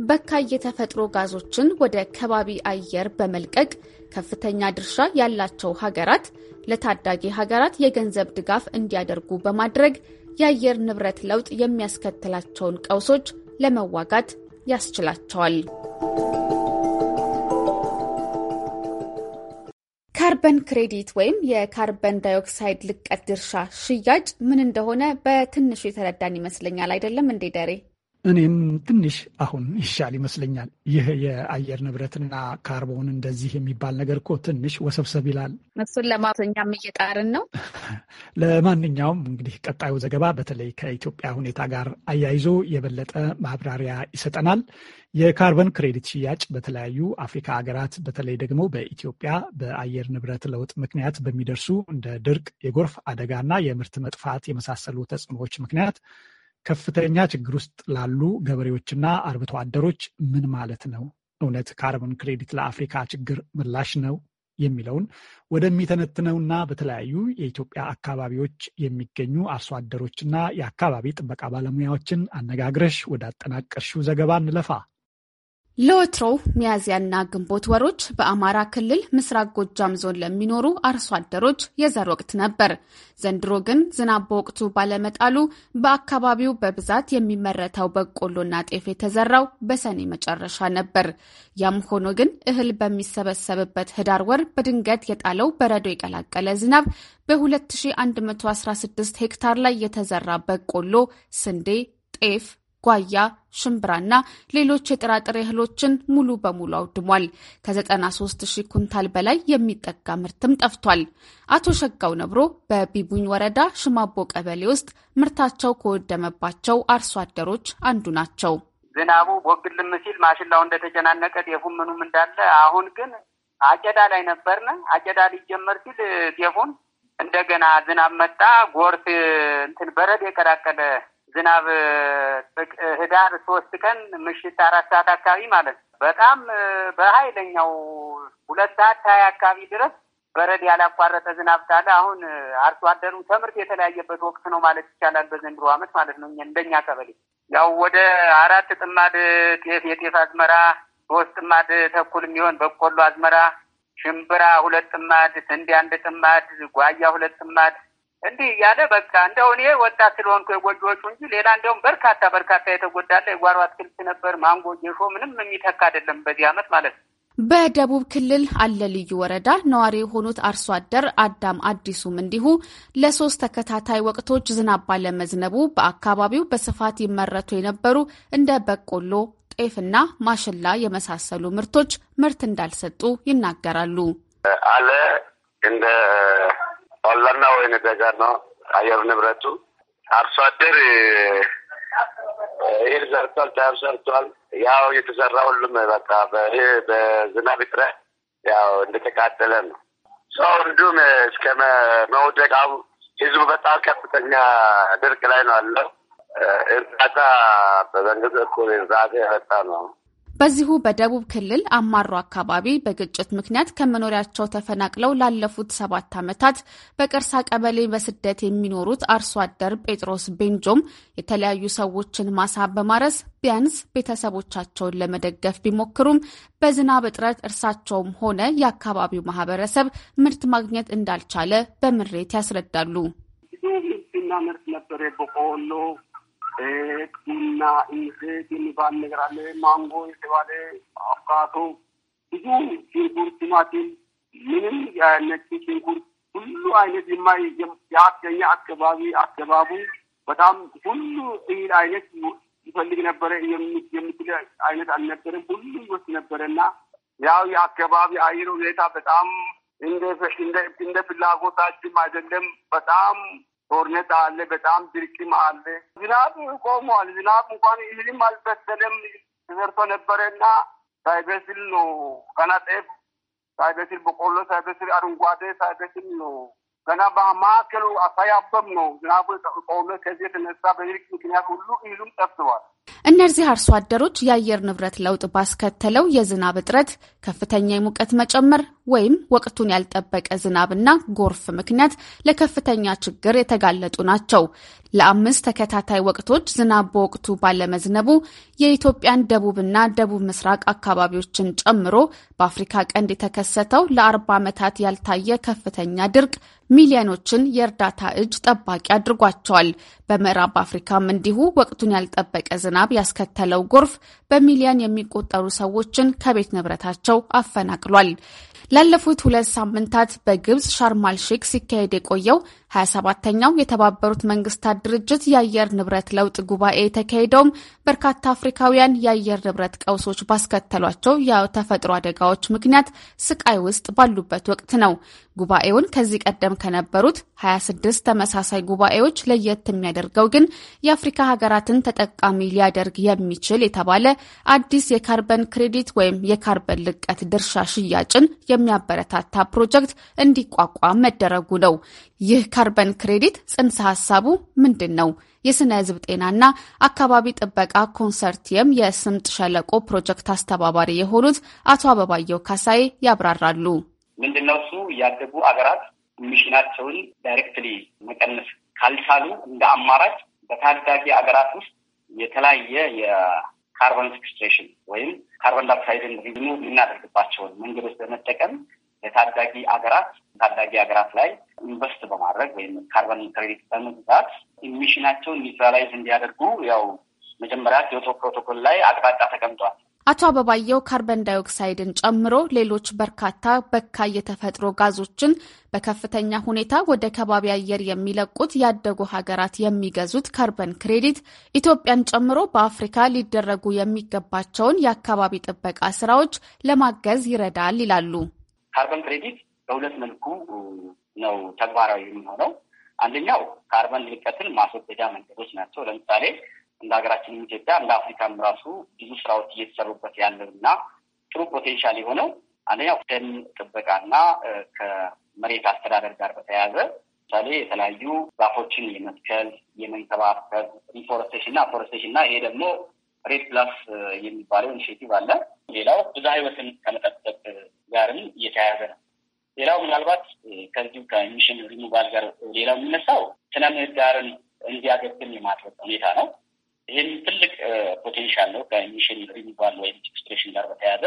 በካይ የተፈጥሮ ጋዞችን ወደ ከባቢ አየር በመልቀቅ ከፍተኛ ድርሻ ያላቸው ሀገራት ለታዳጊ ሀገራት የገንዘብ ድጋፍ እንዲያደርጉ በማድረግ የአየር ንብረት ለውጥ የሚያስከትላቸውን ቀውሶች ለመዋጋት ያስችላቸዋል። ካርበን ክሬዲት ወይም የካርበን ዳይኦክሳይድ ልቀት ድርሻ ሽያጭ ምን እንደሆነ በትንሹ የተረዳን ይመስለኛል። አይደለም እንዴ ደሬ? እኔም ትንሽ አሁን ይሻል ይመስለኛል። ይህ የአየር ንብረትና ካርቦን እንደዚህ የሚባል ነገር እኮ ትንሽ ወሰብሰብ ይላል። እሱን ለማተኛም እየጣርን ነው። ለማንኛውም እንግዲህ ቀጣዩ ዘገባ በተለይ ከኢትዮጵያ ሁኔታ ጋር አያይዞ የበለጠ ማብራሪያ ይሰጠናል። የካርበን ክሬዲት ሽያጭ በተለያዩ አፍሪካ ሀገራት በተለይ ደግሞ በኢትዮጵያ በአየር ንብረት ለውጥ ምክንያት በሚደርሱ እንደ ድርቅ፣ የጎርፍ አደጋና የምርት መጥፋት የመሳሰሉ ተጽዕኖዎች ምክንያት ከፍተኛ ችግር ውስጥ ላሉ ገበሬዎችና አርብቶ አደሮች ምን ማለት ነው? እውነት ካርቦን ክሬዲት ለአፍሪካ ችግር ምላሽ ነው የሚለውን ወደሚተነትነውና በተለያዩ የኢትዮጵያ አካባቢዎች የሚገኙ አርሶ አደሮችና የአካባቢ ጥበቃ ባለሙያዎችን አነጋግረሽ ወዳጠናቀርሽው ዘገባ እንለፋ። ለወትሮው ሚያዝያና ግንቦት ወሮች በአማራ ክልል ምስራቅ ጎጃም ዞን ለሚኖሩ አርሶ አደሮች የዘር ወቅት ነበር። ዘንድሮ ግን ዝናብ በወቅቱ ባለመጣሉ በአካባቢው በብዛት የሚመረተው በቆሎና ጤፍ የተዘራው በሰኔ መጨረሻ ነበር። ያም ሆኖ ግን እህል በሚሰበሰብበት ህዳር ወር በድንገት የጣለው በረዶ የቀላቀለ ዝናብ በ2116 ሄክታር ላይ የተዘራ በቆሎ፣ ስንዴ፣ ጤፍ ጓያ፣ ሽምብራና ሌሎች የጥራጥሬ እህሎችን ሙሉ በሙሉ አውድሟል። ከ93 ሺህ ኩንታል በላይ የሚጠጋ ምርትም ጠፍቷል። አቶ ሸጋው ነብሮ በቢቡኝ ወረዳ ሽማቦ ቀበሌ ውስጥ ምርታቸው ከወደመባቸው አርሶ አደሮች አንዱ ናቸው። ዝናቡ ቦግልም ሲል ማሽላው እንደተጨናነቀ ጤፉም ምኑም እንዳለ፣ አሁን ግን አጨዳ ላይ ነበርነ። አጨዳ ሊጀመር ሲል ዴፉን እንደገና ዝናብ መጣ። ጎርፍ እንትን በረድ የቀላቀለ ዝናብ ህዳር ሶስት ቀን ምሽት አራት ሰዓት አካባቢ ማለት ነው። በጣም በኃይለኛው ሁለት ሰዓት ሀያ አካባቢ ድረስ በረድ ያላቋረጠ ዝናብ ታለ። አሁን አርሶ አደሩ ትምህርት የተለያየበት ወቅት ነው ማለት ይቻላል በዘንድሮ ዓመት ማለት ነው። እንደኛ ቀበሌ ያው ወደ አራት ጥማድ ጤፍ የጤፍ አዝመራ፣ ሶስት ጥማድ ተኩል የሚሆን በቆሎ አዝመራ፣ ሽምብራ ሁለት ጥማድ፣ ስንዴ አንድ ጥማድ፣ ጓያ ሁለት ጥማድ እንዲህ እያለ በቃ እንደው እኔ ወጣት ስለሆንኩ የጎጆዎቹ እንጂ ሌላ እንደውም በርካታ በርካታ የተጎዳለ የጓሮ አትክልት ነበር፣ ማንጎ፣ ጌሾ ምንም የሚተካ አይደለም በዚህ አመት ማለት ነው። በደቡብ ክልል አለ ልዩ ወረዳ ነዋሪ የሆኑት አርሶ አደር አዳም አዲሱም እንዲሁ ለሶስት ተከታታይ ወቅቶች ዝናብ ባለመዝነቡ በአካባቢው በስፋት ይመረቱ የነበሩ እንደ በቆሎ፣ ጤፍና ማሽላ የመሳሰሉ ምርቶች ምርት እንዳልሰጡ ይናገራሉ። አለ እንደ ቆላና ወይን ነገር ነው አየር ንብረቱ። አርሶ አደር ይህ ዘርቷል፣ ዳር ዘርቷል። ያው የተዘራ ሁሉም በቃ በዝናብ ጥረ ያው እንደተቃጠለ ነው። ሰው እንዲሁም እስከ መውደቅ ህዝቡ በጣም ከፍተኛ ድርቅ ላይ ነው አለ። እርዳታ በመንግስት እኩል እርዳታ የመጣ ነው። በዚሁ በደቡብ ክልል አማሮ አካባቢ በግጭት ምክንያት ከመኖሪያቸው ተፈናቅለው ላለፉት ሰባት ዓመታት በቅርሳ ቀበሌ በስደት የሚኖሩት አርሶ አደር ጴጥሮስ ቤንጆም የተለያዩ ሰዎችን ማሳ በማረስ ቢያንስ ቤተሰቦቻቸውን ለመደገፍ ቢሞክሩም በዝናብ እጥረት እርሳቸውም ሆነ የአካባቢው ማህበረሰብ ምርት ማግኘት እንዳልቻለ በምሬት ያስረዳሉ። ምርት ነበር ቡና፣ ኢንሴት የሚባል ነገር አለ። ማንጎ የተባለ አፍካቶ፣ ብዙ ሽንኩርት፣ ቲማቲም፣ ምንም ነጭ ሽንኩርት፣ ሁሉ አይነት የማያገኘ አካባቢ አካባቡ በጣም ሁሉ እህል አይነት ይፈልግ ነበረ። የምትል አይነት አልነበረም። ሁሉ ይወስድ ነበረና ያው የአካባቢ አየር ሁኔታ በጣም እንደ ፍላጎታችን አይደለም። በጣም ጦርነት አለ፣ በጣም ድርቅም አለ። ዝናብ ቆሟል። ዝናብ እንኳን እህልም አልበሰለም። ተዘርቶ ነበረና ሳይበስል ነው ገና ጤፍ ሳይበስል፣ በቆሎ ሳይበስል፣ አረንጓዴ ሳይበስል ነው ገና በማዕከሉ አሳያበም ነው ዝናቡ ቆመ። ከዚህ የተነሳ በድርቅ ምክንያት ሁሉ እህሉም ጠፍተዋል። እነዚህ አርሶ አደሮች የአየር ንብረት ለውጥ ባስከተለው የዝናብ እጥረት፣ ከፍተኛ የሙቀት መጨመር ወይም ወቅቱን ያልጠበቀ ዝናብና ጎርፍ ምክንያት ለከፍተኛ ችግር የተጋለጡ ናቸው። ለአምስት ተከታታይ ወቅቶች ዝናብ በወቅቱ ባለመዝነቡ የኢትዮጵያን ደቡብና ደቡብ ምስራቅ አካባቢዎችን ጨምሮ በአፍሪካ ቀንድ የተከሰተው ለአርባ ዓመታት ያልታየ ከፍተኛ ድርቅ ሚሊዮኖችን የእርዳታ እጅ ጠባቂ አድርጓቸዋል። በምዕራብ አፍሪካም እንዲሁ ወቅቱን ያልጠበቀ ዝናብ ያስከተለው ጎርፍ በሚሊዮን የሚቆጠሩ ሰዎችን ከቤት ንብረታቸው አፈናቅሏል። ላለፉት ሁለት ሳምንታት በግብጽ ሻርማል ሼክ ሲካሄድ የቆየው 27ተኛው የተባበሩት መንግስታት ድርጅት የአየር ንብረት ለውጥ ጉባኤ የተካሄደውም በርካታ አፍሪካውያን የአየር ንብረት ቀውሶች ባስከተሏቸው የተፈጥሮ አደጋዎች ምክንያት ስቃይ ውስጥ ባሉበት ወቅት ነው። ጉባኤውን ከዚህ ቀደም ከነበሩት 26 ተመሳሳይ ጉባኤዎች ለየት የሚያደርገው ግን የአፍሪካ ሀገራትን ተጠቃሚ ሊያደርግ የሚችል የተባለ አዲስ የካርበን ክሬዲት ወይም የካርበን ልቀት ድርሻ ሽያጭን የሚያበረታታ ፕሮጀክት እንዲቋቋም መደረጉ ነው። ይህ ካርበን ክሬዲት ጽንሰ ሀሳቡ ምንድን ነው? የስነ ህዝብ ጤናና አካባቢ ጥበቃ ኮንሰርቲየም የስምጥ ሸለቆ ፕሮጀክት አስተባባሪ የሆኑት አቶ አበባየው ካሳዬ ያብራራሉ። ምንድነው እሱ ያደጉ አገራት ሚሽናቸውን ዳይሬክትሊ መቀነስ ካልቻሉ እንደ አማራጭ በታዳጊ አገራት ውስጥ የተለያየ ካርቦን ስክስትሬሽን ወይም ካርቦን ዳክሳይድን ሪኑ የምናደርግባቸውን መንገዶች በመጠቀም የታዳጊ ሀገራት ታዳጊ ሀገራት ላይ ኢንቨስት በማድረግ ወይም ካርቦን ክሬዲት በመግዛት ኢሚሽናቸውን ኒውትራላይዝ እንዲያደርጉ ያው መጀመሪያ ኪዮቶ ፕሮቶኮል ላይ አቅጣጫ ተቀምጧል። አቶ አበባየው ካርበን ዳይኦክሳይድን ጨምሮ ሌሎች በርካታ በካ የተፈጥሮ ጋዞችን በከፍተኛ ሁኔታ ወደ ከባቢ አየር የሚለቁት ያደጉ ሀገራት የሚገዙት ካርበን ክሬዲት ኢትዮጵያን ጨምሮ በአፍሪካ ሊደረጉ የሚገባቸውን የአካባቢ ጥበቃ ስራዎች ለማገዝ ይረዳል ይላሉ። ካርበን ክሬዲት በሁለት መልኩ ነው ተግባራዊ የሚሆነው። አንደኛው ካርበን ልቀትን ማስወገጃ መንገዶች ናቸው። ለምሳሌ እንደ ሀገራችንም ኢትዮጵያ እንደ አፍሪካም ራሱ ብዙ ስራዎች እየተሰሩበት ያለው እና ጥሩ ፖቴንሻል የሆነው አንደኛው ደን ጥበቃና ከመሬት አስተዳደር ጋር በተያያዘ ምሳሌ የተለያዩ ዛፎችን የመትከል የመንከባከብ ሪፎረስቴሽን እና ፎረስቴሽን እና ይሄ ደግሞ ሬድ ፕላስ የሚባለው ኢኒሽቲቭ አለ። ሌላው ብዛ ህይወትን ከመጠበቅ ጋርም እየተያያዘ ነው። ሌላው ምናልባት ከዚሁ ከኢሚሽን ሪሙቫል ጋር ሌላው የሚነሳው ስነ ምህዳርን እንዲያገግም የማድረግ ሁኔታ ነው። ይህም ትልቅ ፖቴንሻል ነው ከኢሚሽን ሪኒቫል ወይም ኤክስፕሬሽን ጋር በተያያዘ።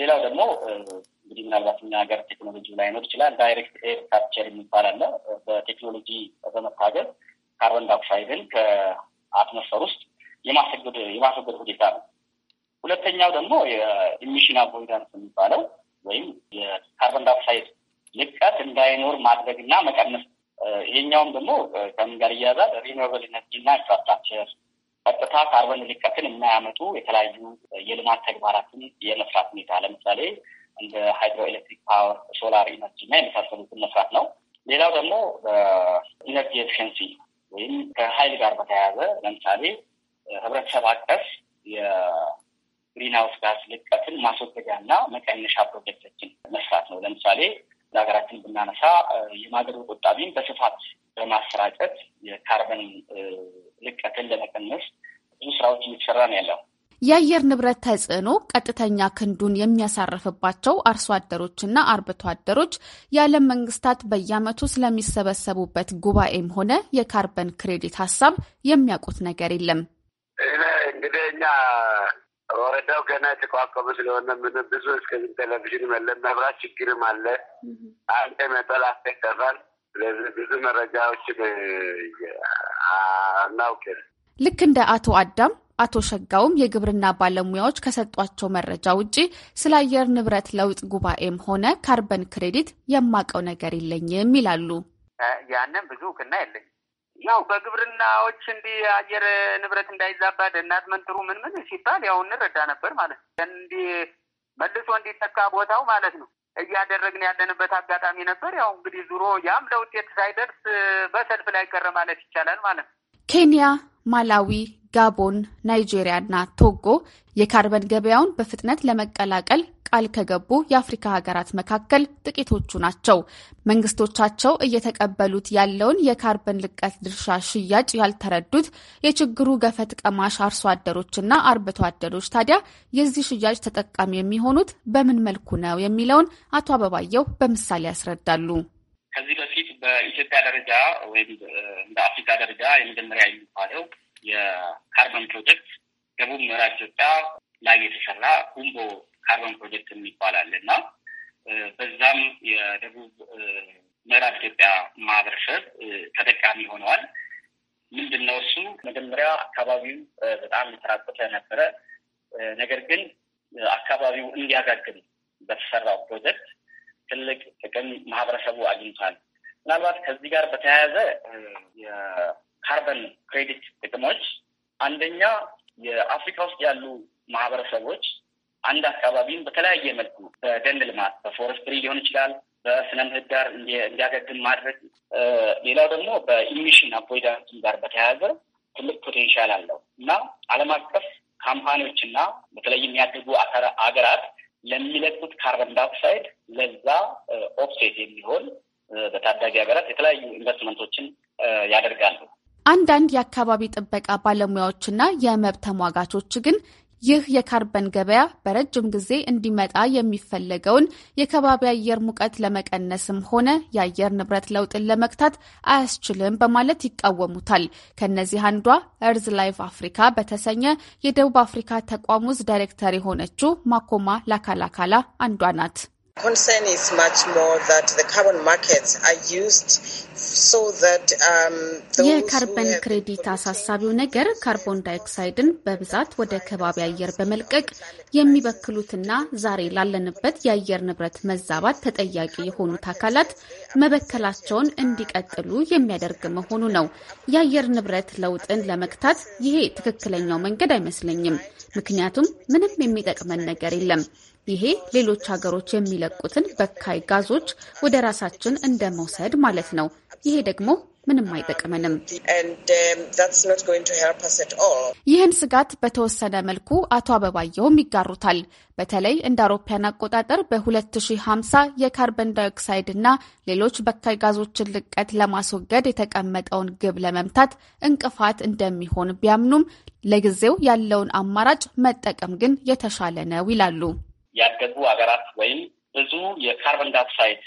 ሌላው ደግሞ እንግዲህ ምናልባት እኛ ሀገር ቴክኖሎጂ ላይኖር ይችላል። ዳይሬክት ኤር ካፕቸር የሚባል አለ። በቴክኖሎጂ በመታገዝ ካርበን ዳይኦክሳይድን ከአትሞስፈር ውስጥ የማስወገድ የማስወገድ ሁኔታ ነው። ሁለተኛው ደግሞ የኢሚሽን አቮይዳንስ የሚባለው ወይም የካርበን ዳይኦክሳይድ ልቀት እንዳይኖር ማድረግ እና መቀነስ። ይሄኛውም ደግሞ ከምን ጋር እያያዛል? ሪኒዌብል ኢነርጂ እና ኢንፍራስትራክቸር ቀጥታ ካርበን ልቀትን የማያመጡ የተለያዩ የልማት ተግባራትን የመስራት ሁኔታ ለምሳሌ እንደ ሃይድሮኤሌክትሪክ ኤሌክትሪክ ፓወር፣ ሶላር ኢነርጂ እና የመሳሰሉትን መስራት ነው። ሌላው ደግሞ በኢነርጂ ኤፊሽንሲ ወይም ከሀይል ጋር በተያያዘ ለምሳሌ ህብረተሰብ አቀፍ የግሪንሃውስ ጋዝ ልቀትን ማስወገጃ እና መቀነሻ ፕሮጀክቶችን መስራት ነው። ለምሳሌ ለሀገራችን ብናነሳ የማገዶ ቆጣቢን በስፋት በማሰራጨት የካርበን ልቀትን ለመቀነስ ብዙ ስራዎች እየተሰራ ነው ያለው። የአየር ንብረት ተጽዕኖ ቀጥተኛ ክንዱን የሚያሳርፍባቸው አርሶ አደሮችና አርብቶ አደሮች የዓለም መንግስታት በየዓመቱ ስለሚሰበሰቡበት ጉባኤም ሆነ የካርበን ክሬዲት ሀሳብ የሚያውቁት ነገር የለም። እንግዲህ እኛ ወረዳው ገና የተቋቋመ ስለሆነ ምን ብዙ እስከዚህ ቴሌቪዥን መለ መብራት ችግርም አለ። አንተ መጠል አንተ ይጠፋል። ስለዚህ ብዙ መረጃዎችን አናውቅም። ልክ እንደ አቶ አዳም አቶ ሸጋውም የግብርና ባለሙያዎች ከሰጧቸው መረጃ ውጪ ስለ አየር ንብረት ለውጥ ጉባኤም ሆነ ካርበን ክሬዲት የማቀው ነገር የለኝም ይላሉ። ያንን ብዙ እውቅና የለኝ ያው በግብርናዎች እንዲህ አየር ንብረት እንዳይዛባ ደናት መንጥሩ ምን ምን ሲባል ያው እንረዳ ነበር ማለት ነው። እንዲህ መልሶ እንዲተካ ቦታው ማለት ነው እያደረግን ያለንበት አጋጣሚ ነበር። ያው እንግዲህ ዙሮ ያም ለውጤት ሳይደርስ በሰልፍ ላይ ቀረ ማለት ይቻላል ማለት ነው። ኬንያ፣ ማላዊ፣ ጋቦን፣ ናይጄሪያ እና ቶጎ የካርበን ገበያውን በፍጥነት ለመቀላቀል ቃል ከገቡ የአፍሪካ ሀገራት መካከል ጥቂቶቹ ናቸው። መንግስቶቻቸው እየተቀበሉት ያለውን የካርበን ልቀት ድርሻ ሽያጭ ያልተረዱት የችግሩ ገፈት ቀማሽ አርሶ አደሮችና አርብቶ አደሮች ታዲያ የዚህ ሽያጭ ተጠቃሚ የሚሆኑት በምን መልኩ ነው የሚለውን አቶ አበባየው በምሳሌ ያስረዳሉ። ከዚህ በፊት በኢትዮጵያ ደረጃ ወይም እንደ አፍሪካ ደረጃ የመጀመሪያ የሚባለው የካርበን ፕሮጀክት ደቡብ ምዕራብ ኢትዮጵያ ላይ የተሰራ ሁምቦ ካርበን ፕሮጀክት የሚባል አለ እና በዛም የደቡብ ምዕራብ ኢትዮጵያ ማህበረሰብ ተጠቃሚ ሆነዋል። ምንድን ነው እሱ? መጀመሪያ አካባቢው በጣም የተራቆተ ነበረ። ነገር ግን አካባቢው እንዲያጋግም በተሰራው ፕሮጀክት ትልቅ ጥቅም ማህበረሰቡ አግኝቷል። ምናልባት ከዚህ ጋር በተያያዘ የካርበን ክሬዲት ጥቅሞች አንደኛ የአፍሪካ ውስጥ ያሉ ማህበረሰቦች አንድ አካባቢን በተለያየ መልኩ በደን ልማት በፎረስትሪ ሊሆን ይችላል በስነ ምህዳር እንዲያገግም ማድረግ። ሌላው ደግሞ በኢሚሽን አቮይዳንስ ጋር በተያያዘ ትልቅ ፖቴንሻል አለው እና ዓለም አቀፍ ካምፓኒዎች እና በተለይ የሚያደጉ አገራት ለሚለቁት ካርበን ዳይኦክሳይድ ለዛ ኦፍሴት የሚሆን በታዳጊ ሀገራት የተለያዩ ኢንቨስትመንቶችን ያደርጋሉ። አንዳንድ የአካባቢ ጥበቃ ባለሙያዎችና የመብት ተሟጋቾች ግን ይህ የካርበን ገበያ በረጅም ጊዜ እንዲመጣ የሚፈለገውን የከባቢ አየር ሙቀት ለመቀነስም ሆነ የአየር ንብረት ለውጥን ለመግታት አያስችልም በማለት ይቃወሙታል። ከነዚህ አንዷ እርዝ ላይቭ አፍሪካ በተሰኘ የደቡብ አፍሪካ ተቋም ውስጥ ዳይሬክተር የሆነችው ማኮማ ላካላካላ አንዷ ናት። Concern is much more that the carbon markets are used um, የካርበን ክሬዲት አሳሳቢው ነገር ካርቦን ዳይኦክሳይድን በብዛት ወደ ከባቢ አየር በመልቀቅ የሚበክሉትና ዛሬ ላለንበት የአየር ንብረት መዛባት ተጠያቂ የሆኑት አካላት መበከላቸውን እንዲቀጥሉ የሚያደርግ መሆኑ ነው። የአየር ንብረት ለውጥን ለመግታት ይሄ ትክክለኛው መንገድ አይመስለኝም። ምክንያቱም ምንም የሚጠቅመን ነገር የለም። ይሄ ሌሎች ሀገሮች የሚለቁትን በካይ ጋዞች ወደ ራሳችን እንደ መውሰድ ማለት ነው። ይሄ ደግሞ ምንም አይጠቅመንም። um, ይህን ስጋት በተወሰነ መልኩ አቶ አበባየውም ይጋሩታል። በተለይ እንደ አውሮፓያን አቆጣጠር በ2050 የካርበን ዳይኦክሳይድ እና ሌሎች በካይ ጋዞችን ልቀት ለማስወገድ የተቀመጠውን ግብ ለመምታት እንቅፋት እንደሚሆን ቢያምኑም ለጊዜው ያለውን አማራጭ መጠቀም ግን የተሻለ ነው ይላሉ። ያደጉ ሀገራት ወይም ብዙ የካርበን ዳይኦክሳይድ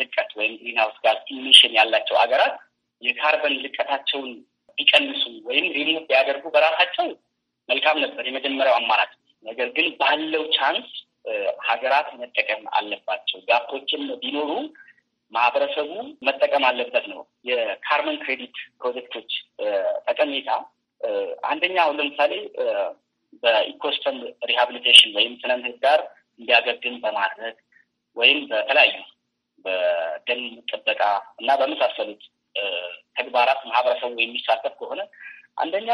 ልቀት ወይም ግሪንሃውስ ጋዝ ኢሚሽን ያላቸው ሀገራት የካርበን ልቀታቸውን ቢቀንሱ ወይም ሪሙቭ ቢያደርጉ በራሳቸው መልካም ነበር የመጀመሪያው አማራጭ። ነገር ግን ባለው ቻንስ ሀገራት መጠቀም አለባቸው። ጋፖችን ቢኖሩ ማህበረሰቡ መጠቀም አለበት ነው የካርበን ክሬዲት ፕሮጀክቶች ጠቀሜታ። አንደኛው ለምሳሌ በኢኮስተም ሪሃብሊቴሽን ወይም ስነ ምህዳር እንዲያገግም በማድረግ ወይም በተለያዩ በደን ጥበቃ እና በመሳሰሉት ተግባራት ማህበረሰቡ የሚሳተፍ ከሆነ አንደኛ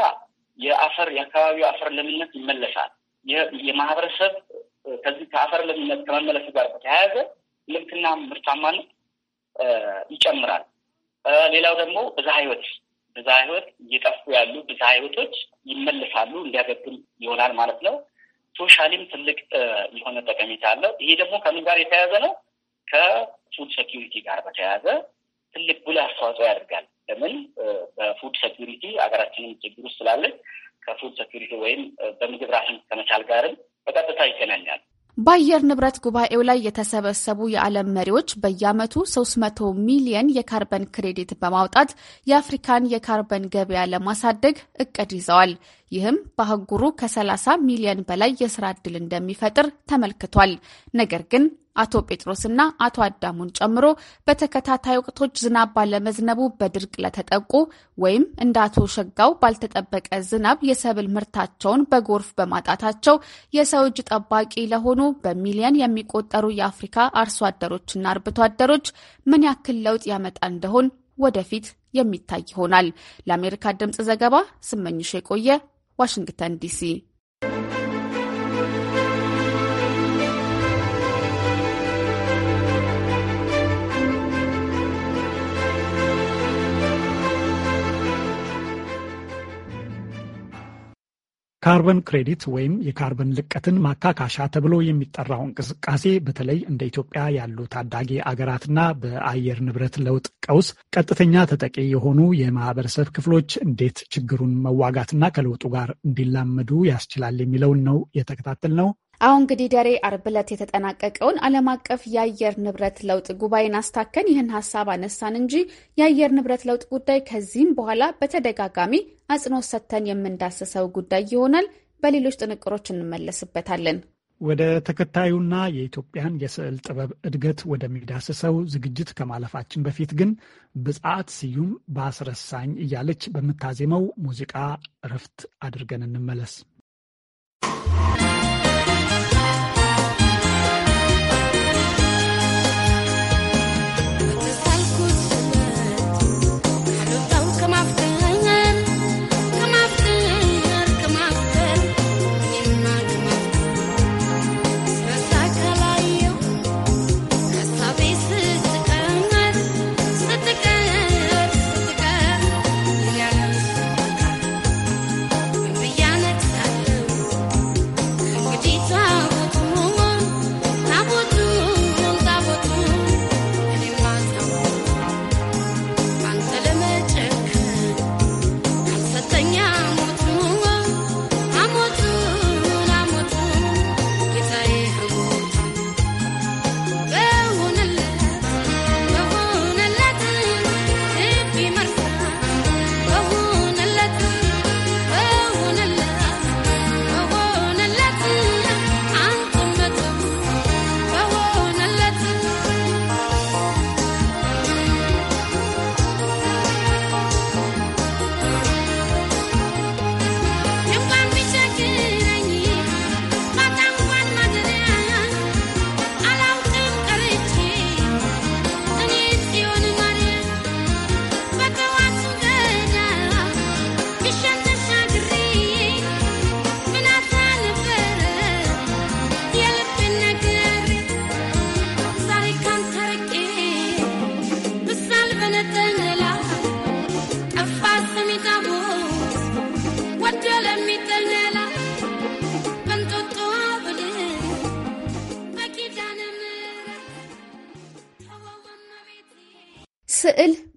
የአፈር የአካባቢው አፈር ለምነት ይመለሳል። የማህበረሰብ ከዚህ ከአፈር ለምነት ከመመለሱ ጋር በተያያዘ ምርትና ምርታማነት ይጨምራል። ሌላው ደግሞ ብዝሃ ህይወት ብዝሃ ህይወት እየጠፉ ያሉ ብዝሃ ህይወቶች ይመልሳሉ እንዲያገግም ይሆናል ማለት ነው። ሶሻሊም ትልቅ የሆነ ጠቀሜታ አለው። ይሄ ደግሞ ከምን ጋር የተያያዘ ነው? ከፉድ ሴኪሪቲ ጋር በተያያዘ ትልቅ ጉልህ አስተዋጽኦ ያደርጋል። ለምን በፉድ ሴኪሪቲ ሀገራችንም ችግር ውስጥ ስላለች ከፉድ ሴኪሪቲ ወይም በምግብ ራስን ከመቻል ጋርም በቀጥታ ይገናኛል። በአየር ንብረት ጉባኤው ላይ የተሰበሰቡ የዓለም መሪዎች በየዓመቱ 300 ሚሊየን የካርበን ክሬዲት በማውጣት የአፍሪካን የካርበን ገበያ ለማሳደግ እቅድ ይዘዋል። ይህም በአህጉሩ ከ30 ሚሊዮን በላይ የስራ ዕድል እንደሚፈጥር ተመልክቷል። ነገር ግን አቶ ጴጥሮስና አቶ አዳሙን ጨምሮ በተከታታይ ወቅቶች ዝናብ ባለመዝነቡ በድርቅ ለተጠቁ ወይም እንደ አቶ ሸጋው ባልተጠበቀ ዝናብ የሰብል ምርታቸውን በጎርፍ በማጣታቸው የሰው እጅ ጠባቂ ለሆኑ በሚሊየን የሚቆጠሩ የአፍሪካ አርሶ አደሮችና አርብቶ አደሮች ምን ያክል ለውጥ ያመጣ እንደሆን ወደፊት የሚታይ ይሆናል። ለአሜሪካ ድምፅ ዘገባ ስመኝሽ የቆየ ዋሽንግተን ዲሲ ካርበን ክሬዲት ወይም የካርበን ልቀትን ማካካሻ ተብሎ የሚጠራው እንቅስቃሴ በተለይ እንደ ኢትዮጵያ ያሉ ታዳጊ አገራትና በአየር ንብረት ለውጥ ቀውስ ቀጥተኛ ተጠቂ የሆኑ የማህበረሰብ ክፍሎች እንዴት ችግሩን መዋጋትና ከለውጡ ጋር እንዲላመዱ ያስችላል የሚለውን ነው የተከታተልነው። አሁን እንግዲህ ደሬ አርብ ዕለት የተጠናቀቀውን ዓለም አቀፍ የአየር ንብረት ለውጥ ጉባኤን አስታከን ይህን ሀሳብ አነሳን እንጂ የአየር ንብረት ለውጥ ጉዳይ ከዚህም በኋላ በተደጋጋሚ አጽንኦት ሰጥተን የምንዳሰሰው ጉዳይ ይሆናል። በሌሎች ጥንቅሮች እንመለስበታለን። ወደ ተከታዩና የኢትዮጵያን የስዕል ጥበብ እድገት ወደሚዳስሰው ዝግጅት ከማለፋችን በፊት ግን ብጻት ስዩም በአስረሳኝ እያለች በምታዜመው ሙዚቃ እረፍት አድርገን እንመለስ።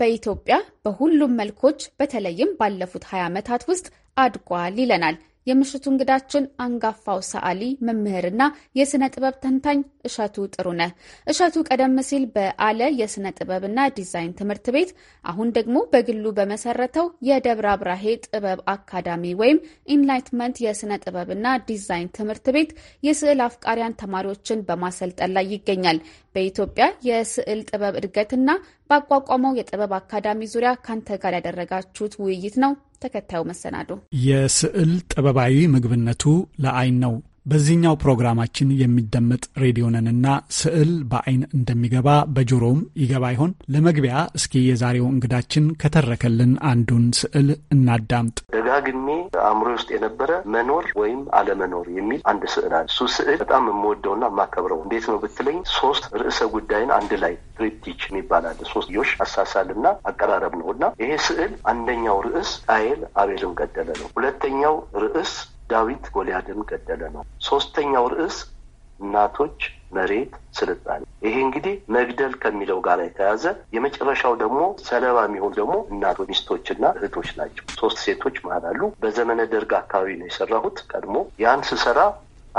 በኢትዮጵያ በሁሉም መልኮች በተለይም ባለፉት 20 ዓመታት ውስጥ አድጓል ይለናል የምሽቱ እንግዳችን አንጋፋው ሰዓሊ መምህርና የሥነ ጥበብ ተንታኝ እሸቱ ጥሩነህ። እሸቱ ቀደም ሲል በአለ የሥነ ጥበብና ዲዛይን ትምህርት ቤት አሁን ደግሞ በግሉ በመሰረተው የደብረ አብራሄ ጥበብ አካዳሚ ወይም ኢንላይትመንት የሥነ ጥበብና ዲዛይን ትምህርት ቤት የስዕል አፍቃሪያን ተማሪዎችን በማሰልጠን ላይ ይገኛል። በኢትዮጵያ የስዕል ጥበብ እድገትና ባቋቋመው የጥበብ አካዳሚ ዙሪያ ካንተ ጋር ያደረጋችሁት ውይይት ነው። ተከታዩ መሰናዶ የስዕል ጥበባዊ ምግብነቱ ለአይን ነው በዚህኛው ፕሮግራማችን የሚደመጥ ሬዲዮንንና ስዕል በአይን እንደሚገባ በጆሮም ይገባ ይሆን? ለመግቢያ እስኪ የዛሬው እንግዳችን ከተረከልን አንዱን ስዕል እናዳምጥ። ደጋግሜ አእምሮ ውስጥ የነበረ መኖር ወይም አለመኖር የሚል አንድ ስዕል አለ። እሱ ስዕል በጣም የምወደውና የማከብረው እንዴት ነው ብትለኝ፣ ሶስት ርዕሰ ጉዳይን አንድ ላይ ትሪፕቲች የሚባል አለ። ሶስትዮሽ አሳሳልና አቀራረብ ነው እና ይሄ ስዕል አንደኛው ርዕስ ቃየል አቤልን ገደለ ነው። ሁለተኛው ርዕስ ዳዊት ጎልያድን ገደለ ነው። ሶስተኛው ርዕስ እናቶች፣ መሬት፣ ስልጣኔ። ይሄ እንግዲህ መግደል ከሚለው ጋር የተያዘ የመጨረሻው ደግሞ ሰለባ የሚሆን ደግሞ እናቶች፣ ሚስቶችና እህቶች ናቸው። ሶስት ሴቶች መሀል አሉ። በዘመነ ደርግ አካባቢ ነው የሰራሁት። ቀድሞ ያን ስሰራ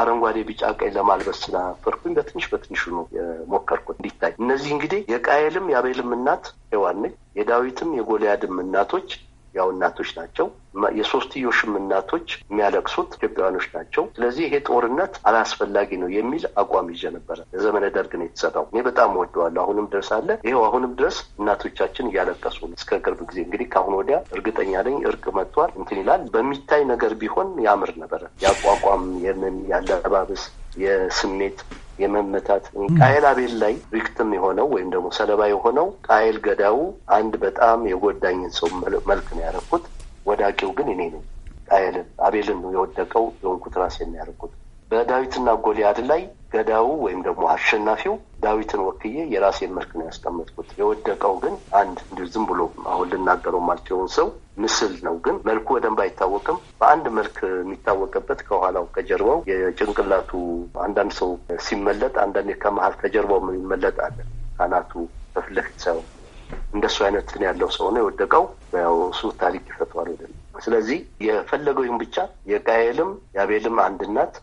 አረንጓዴ፣ ቢጫ፣ ቀይ ለማልበስ ስላፈርኩኝ በትንሽ በትንሹ ነው የሞከርኩት እንዲታይ። እነዚህ እንግዲህ የቃየልም የአቤልም እናት ሔዋን ነች። የዳዊትም የጎልያድም እናቶች ያው እናቶች ናቸው። የሶስትዮሽም እናቶች የሚያለቅሱት ኢትዮጵያውያኖች ናቸው። ስለዚህ ይሄ ጦርነት አላስፈላጊ ነው የሚል አቋም ይዤ ነበረ። ለዘመነ ደርግ ነው የተሰራው። እኔ በጣም ወደዋለሁ። አሁንም ድረስ አለ። ይኸው አሁንም ድረስ እናቶቻችን እያለቀሱ ነው። እስከ ቅርብ ጊዜ እንግዲህ ከአሁን ወዲያ እርግጠኛ ነኝ እርቅ መጥቷል እንትን ይላል። በሚታይ ነገር ቢሆን ያምር ነበረ። የአቋቋም የምን ያለባበስ የስሜት የመመታት ቃየል አቤል ላይ ቪክትም የሆነው ወይም ደግሞ ሰለባ የሆነው ቃየል ገዳው አንድ በጣም የጎዳኝን ሰው መልክ ነው ያደረኩት። ወዳቂው ግን እኔ ነው። ቃየልን አቤልን ነው የወደቀው የሆንኩት ራሴ ነው ያደረኩት። በዳዊትና ጎልያድ ላይ ገዳው ወይም ደግሞ አሸናፊው ዳዊትን ወክዬ የራሴ መልክ ነው ያስቀመጥኩት። የወደቀው ግን አንድ እንዲሁ ዝም ብሎ አሁን ልናገረው ማልችለውን ሰው ምስል ነው። ግን መልኩ በደንብ አይታወቅም። በአንድ መልክ የሚታወቅበት ከኋላው ከጀርባው የጭንቅላቱ አንዳንድ ሰው ሲመለጥ፣ አንዳንዴ ከመሀል ከጀርባው የሚመለጥ አለ። ካናቱ በፊት ለፊት ሰው እንደሱ አይነትን ያለው ሰው ነው የወደቀው። ያው እሱ ታሪክ ይፈቷል ወደ ስለዚህ የፈለገውም ብቻ የቃየልም የአቤልም አንድ እናት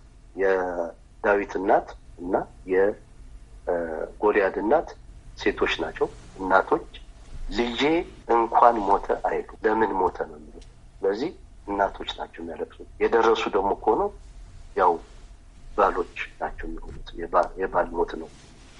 የዳዊት እናት እና የጎልያድ እናት ሴቶች ናቸው። እናቶች ልጄ እንኳን ሞተ አይሉ ለምን ሞተ ነው የሚሉት። ስለዚህ እናቶች ናቸው የሚያለቅሱት። የደረሱ ደግሞ ከሆነ ያው ባሎች ናቸው የሚሆኑት። የባል ሞት ነው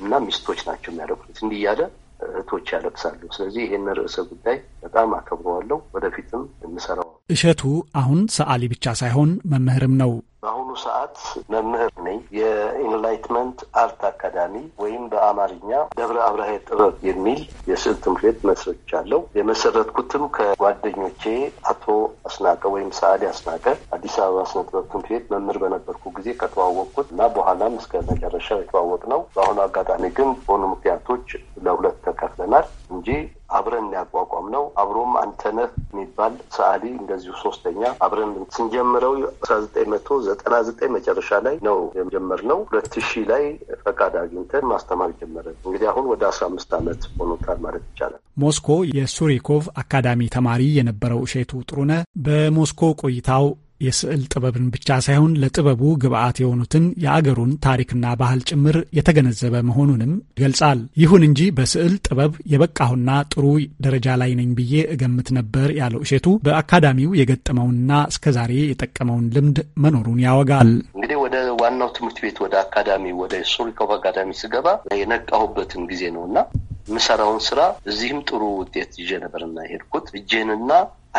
እና ሚስቶች ናቸው የሚያለቅሱት። እንዲህ እያለ እህቶች ያለቅሳሉ። ስለዚህ ይህን ርዕሰ ጉዳይ በጣም አከብረዋለሁ። ወደፊትም የምሰራው። እሸቱ አሁን ሰዓሊ ብቻ ሳይሆን መምህርም ነው። በአሁኑ ሰዓት መምህር ነኝ። የኢንላይትመንት አርት አካዳሚ ወይም በአማርኛ ደብረ አብርሃ ጥበብ የሚል የስዕል ትምህርት ቤት መስርቻለሁ። የመሰረትኩትም ከጓደኞቼ አቶ አስናቀ ወይም ሰዓሊ አስናቀ አዲስ አበባ ስነ ጥበብ ትምህርት ቤት መምህር በነበርኩ ጊዜ ከተዋወቅኩት እና በኋላም እስከ መጨረሻው የተዋወቅ ነው። በአሁኑ አጋጣሚ ግን በሆኑ ምክንያቶች ለሁለት ተከፍለናል እንጂ አብረን ያቋቋም ነው። አብሮም አንተነህ የሚባል ሰዓሊ እንደዚሁ ሶስተኛ አብረን ስንጀምረው አስራ ዘጠኝ መቶ ዘጠና ዘጠኝ መጨረሻ ላይ ነው የጀመርነው። ሁለት ሺህ ላይ ፈቃድ አግኝተን ማስተማር ጀመረ። እንግዲህ አሁን ወደ አስራ አምስት ዓመት ሆኖታል ማለት ይቻላል። ሞስኮ የሱሪኮቭ አካዳሚ ተማሪ የነበረው እሼቱ ጥሩነ በሞስኮ ቆይታው የስዕል ጥበብን ብቻ ሳይሆን ለጥበቡ ግብአት የሆኑትን የአገሩን ታሪክና ባህል ጭምር የተገነዘበ መሆኑንም ይገልጻል። ይሁን እንጂ በስዕል ጥበብ የበቃሁና ጥሩ ደረጃ ላይ ነኝ ብዬ እገምት ነበር ያለው እሼቱ በአካዳሚው የገጠመውንና እስከዛሬ የጠቀመውን ልምድ መኖሩን ያወጋል። እንግዲህ ወደ ዋናው ትምህርት ቤት ወደ አካዳሚ ወደ ሱሪኮቭ አካዳሚ ስገባ የነቃሁበትን ጊዜ ነው እና የምሰራውን ስራ እዚህም ጥሩ ውጤት ይዤ ነበርና የሄድኩት እጄንና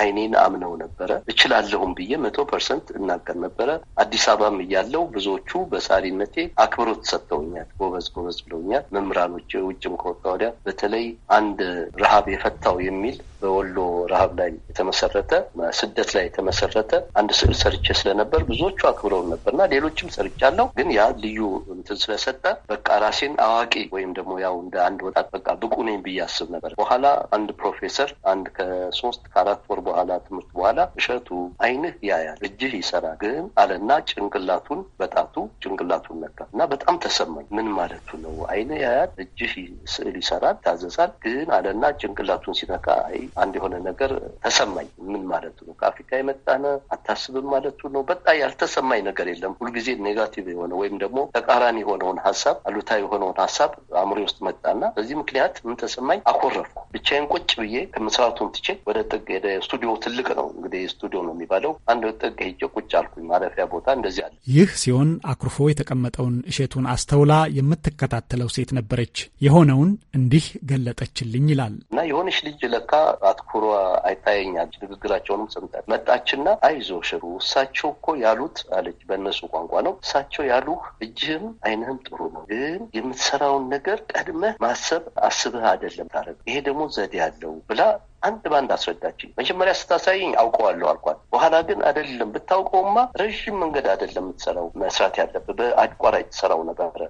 አይኔን አምነው ነበረ። እችላለሁም ብዬ መቶ ፐርሰንት እናገር ነበረ። አዲስ አበባም እያለው ብዙዎቹ በሳሪነቴ አክብሮት ሰጥተውኛል። ጎበዝ ጎበዝ ብለውኛል። መምህራኖች ውጭም ከወጣ ወዲያ በተለይ አንድ ረሃብ የፈታው የሚል በወሎ ረሃብ ላይ የተመሰረተ ስደት ላይ የተመሰረተ አንድ ስዕል ሰርቼ ስለነበር ብዙዎቹ አክብረውን ነበርና ሌሎችም ሰርቻለሁ። ግን ያ ልዩ እንትን ስለሰጠ በቃ ራሴን አዋቂ ወይም ደግሞ ያው እንደ አንድ ወጣት በቃ ብቁ ነኝ ብዬ አስብ ነበር። በኋላ አንድ ፕሮፌሰር አንድ ከሶስት ከአራት ወር በኋላ ትምህርት በኋላ እሸቱ አይንህ ያያል እጅህ ይሰራ ግን አለና ጭንቅላቱን በጣቱ ጭንቅላቱን ነካ እና በጣም ተሰማኝ። ምን ማለቱ ነው? አይንህ ያያል እጅህ ስዕል ይሰራል ታዘዛል ግን አለና ጭንቅላቱን ሲነካ አይ አንድ የሆነ ነገር ተሰማኝ። ምን ማለቱ ነው? ከአፍሪካ የመጣነ አታስብም ማለቱ ነው? በጣም ያልተሰማኝ ነገር የለም። ሁልጊዜ ኔጋቲቭ የሆነ ወይም ደግሞ ተቃራ ጠቃሚ የሆነውን ሀሳብ አሉታ የሆነውን ሀሳብ አእምሮ ውስጥ መጣና በዚህ ምክንያት ምን ተሰማኝ? አኮረፍኩ። ብቻዬን ቁጭ ብዬ ከመስራቱን ትቼ ወደ ጥግ ሄደ። ስቱዲዮ ትልቅ ነው እንግዲህ ስቱዲዮ ነው የሚባለው። አንድ ጥግ ሄጄ ቁጭ አልኩኝ። ማረፊያ ቦታ እንደዚህ አለ። ይህ ሲሆን አኩርፎ የተቀመጠውን እሸቱን አስተውላ የምትከታተለው ሴት ነበረች። የሆነውን እንዲህ ገለጠችልኝ ይላል እና የሆነች ልጅ ለካ አትኩሮ አይታየኛል። ንግግራቸውንም ሰምታል። መጣችና አይዞ ሽሩ እሳቸው እኮ ያሉት አለች። በእነሱ ቋንቋ ነው እሳቸው ያሉ እጅህም አይንህም ጥሩ ነው፣ ግን የምትሰራውን ነገር ቀድመህ ማሰብ አስብህ አይደለም ታረግ ይሄ ደግሞ ዘዴ አለው ብላ አንድ ባንድ አስረዳችኝ። መጀመሪያ ስታሳይኝ አውቀዋለሁ አልኳት። በኋላ ግን አይደለም ብታውቀውማ ረዥም መንገድ አይደለም የምትሰራው መስራት ያለብህ በአቋራጭ ሰራው ነበረ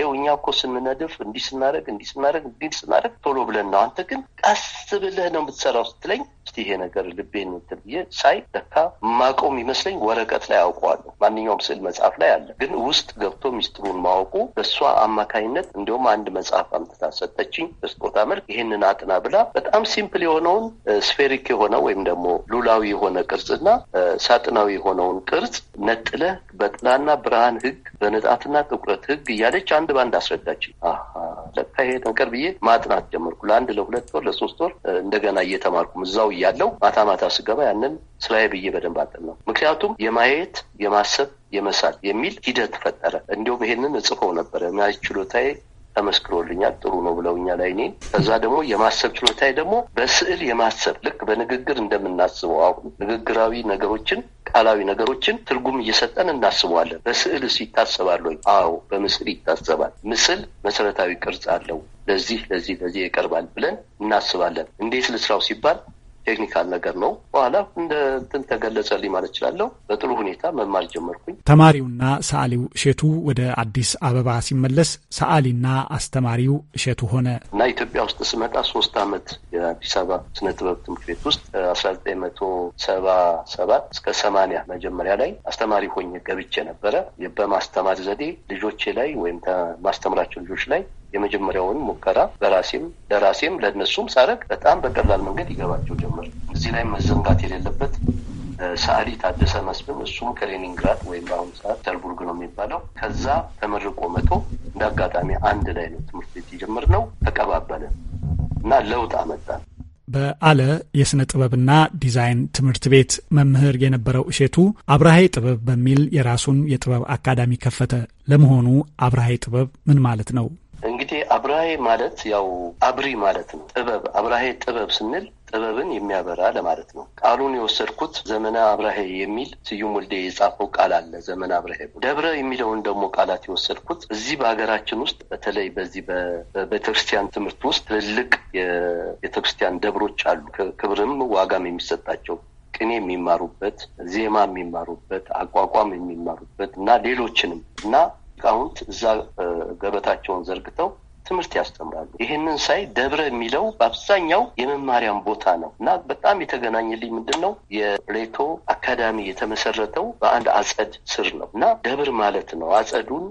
ይኸው እኛ እኮ ስንነድፍ እንዲህ ስናደርግ እንዲህ ስናደርግ እንዲህ ስናደርግ ቶሎ ብለን ነው፣ አንተ ግን ቀስ ብለህ ነው የምትሰራው ስትለኝ እስቲ ይሄ ነገር ልቤን እንትን ብዬ ሳይ ለካ ማቆም ይመስለኝ ወረቀት ላይ አውቀዋለሁ። ማንኛውም ስዕል መጽሐፍ ላይ አለ። ግን ውስጥ ገብቶ ሚስጥሩን ማወቁ በእሷ አማካኝነት እንዲሁም አንድ መጽሐፍ አምጥታ ሰጠችኝ በስጦታ መልክ። ይህንን አጥና ብላ በጣም ሲምፕል የሆነውን ስፌሪክ የሆነ ወይም ደግሞ ሉላዊ የሆነ ቅርጽና ሳጥናዊ የሆነውን ቅርጽ ነጥለህ በጥላና ብርሃን ህግ፣ በንጣትና ትኩረት ህግ እያለች አንድ ባንድ አስረዳችኝ። ለካ ይሄ ጠንቀር ብዬ ማጥናት ጀመርኩ። ለአንድ ለሁለት ወር ለሶስት ወር እንደገና እየተማርኩም እዛው እያለው ማታ ማታ ስገባ ያንን ስራዬ ብዬ በደንብ ነው። ምክንያቱም የማየት የማሰብ የመሳል የሚል ሂደት ፈጠረ። እንዲሁም ይሄንን እጽፈው ነበረ ማየት ችሎታዬ ተመስክሮልኛል፣ ጥሩ ነው ብለውኛል። አይኔ ከዛ ደግሞ የማሰብ ችሎታዬ ደግሞ በስዕል የማሰብ ልክ በንግግር እንደምናስበው አሁን ንግግራዊ ነገሮችን ቃላዊ ነገሮችን ትርጉም እየሰጠን እናስበዋለን። በስዕልስ ይታሰባል ወይ? አዎ፣ በምስል ይታሰባል። ምስል መሰረታዊ ቅርጽ አለው። ለዚህ ለዚህ ለዚህ ይቀርባል ብለን እናስባለን። እንዴት ልስራው ሲባል ቴክኒካል ነገር ነው። በኋላ እንደ እንትን ተገለጸልኝ ማለት እችላለሁ። በጥሩ ሁኔታ መማር ጀመርኩኝ። ተማሪውና ሰዓሊው እሸቱ ወደ አዲስ አበባ ሲመለስ ሰዓሊና አስተማሪው እሸቱ ሆነ እና ኢትዮጵያ ውስጥ ስመጣ ሶስት አመት የአዲስ አበባ ስነ ጥበብ ትምህርት ቤት ውስጥ አስራ ዘጠኝ መቶ ሰባ ሰባት እስከ ሰማንያ መጀመሪያ ላይ አስተማሪ ሆኜ ገብቼ ነበረ። በማስተማር ዘዴ ልጆቼ ላይ ወይም ማስተምራቸው ልጆች ላይ የመጀመሪያውን ሙከራ በራሴም ለራሴም ለእነሱም ሳረግ በጣም በቀላል መንገድ ይገባቸው ጀመር። እዚህ ላይ መዘንጋት የሌለበት ሰዓሊ ታደሰ መስፍን እሱም ከሌኒንግራድ ወይም በአሁኑ ሰዓት ተርቡርግ ነው የሚባለው ከዛ ተመርቆ መቶ እንደ አጋጣሚ አንድ ላይ ነው ትምህርት ቤት የጀመርነው። ተቀባበለ እና ለውጥ አመጣን። በአለ የሥነ ጥበብና ዲዛይን ትምህርት ቤት መምህር የነበረው እሼቱ አብርሃይ ጥበብ በሚል የራሱን የጥበብ አካዳሚ ከፈተ። ለመሆኑ አብርሃይ ጥበብ ምን ማለት ነው? እንግዲህ አብርሃይ ማለት ያው አብሪ ማለት ነው። ጥበብ አብርሃ ጥበብ ስንል ጥበብን የሚያበራ ለማለት ነው። ቃሉን የወሰድኩት ዘመነ አብርሄ የሚል ስዩም ወልዴ የጻፈው ቃል አለ። ዘመነ አብርሄ ደብረ የሚለውን ደግሞ ቃላት የወሰድኩት እዚህ በሀገራችን ውስጥ በተለይ በዚህ በቤተክርስቲያን ትምህርት ውስጥ ትልልቅ የቤተክርስቲያን ደብሮች አሉ። ክብርም ዋጋም የሚሰጣቸው ቅኔ የሚማሩበት፣ ዜማ የሚማሩበት፣ አቋቋም የሚማሩበት እና ሌሎችንም እና ሊቃውንት እዛ ገበታቸውን ዘርግተው ትምህርት ያስተምራሉ። ይህንን ሳይ ደብረ የሚለው በአብዛኛው የመማሪያም ቦታ ነው እና በጣም የተገናኘልኝ ምንድን ነው የሬቶ አካዳሚ የተመሰረተው በአንድ አጸድ ስር ነው እና ደብር ማለት ነው አጸዱን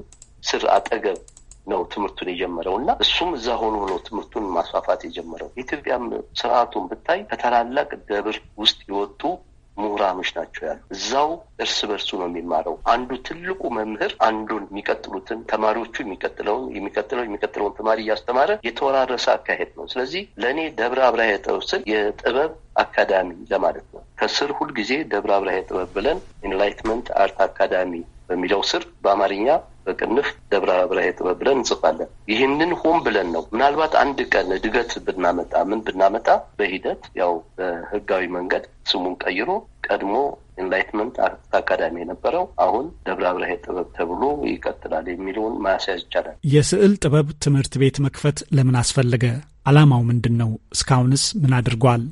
ስር አጠገብ ነው ትምህርቱን የጀመረው እና እሱም እዛ ሆኖ ሆኖ ትምህርቱን ማስፋፋት የጀመረው። የኢትዮጵያም ስርዓቱን ብታይ ከታላላቅ ደብር ውስጥ የወጡ ምሁራኖች ናቸው ያሉ። እዛው እርስ በርሱ ነው የሚማረው። አንዱ ትልቁ መምህር አንዱን የሚቀጥሉትን ተማሪዎቹ የሚቀጥለውን የሚቀጥለው የሚቀጥለውን ተማሪ እያስተማረ የተወራረሰ አካሄድ ነው። ስለዚህ ለእኔ ደብረ አብርሃ ጥበብ ስል የጥበብ አካዳሚ ለማለት ነው። ከስር ሁልጊዜ ደብረ አብርሃ ጥበብ ብለን ኢንላይትመንት አርት አካዳሚ በሚለው ስር በአማርኛ በቅንፍ ደብረ ብርሃን ጥበብ ብለን እንጽፋለን። ይህንን ሆን ብለን ነው። ምናልባት አንድ ቀን እድገት ብናመጣ ምን ብናመጣ በሂደት ያው በህጋዊ መንገድ ስሙን ቀይሮ ቀድሞ ኢንላይትመንት አርት አካዳሚ የነበረው አሁን ደብረ ብርሃን ጥበብ ተብሎ ይቀጥላል የሚለውን ማስያዝ ይቻላል። የስዕል ጥበብ ትምህርት ቤት መክፈት ለምን አስፈለገ? ዓላማው ምንድን ነው? እስካሁንስ ምን አድርጓል?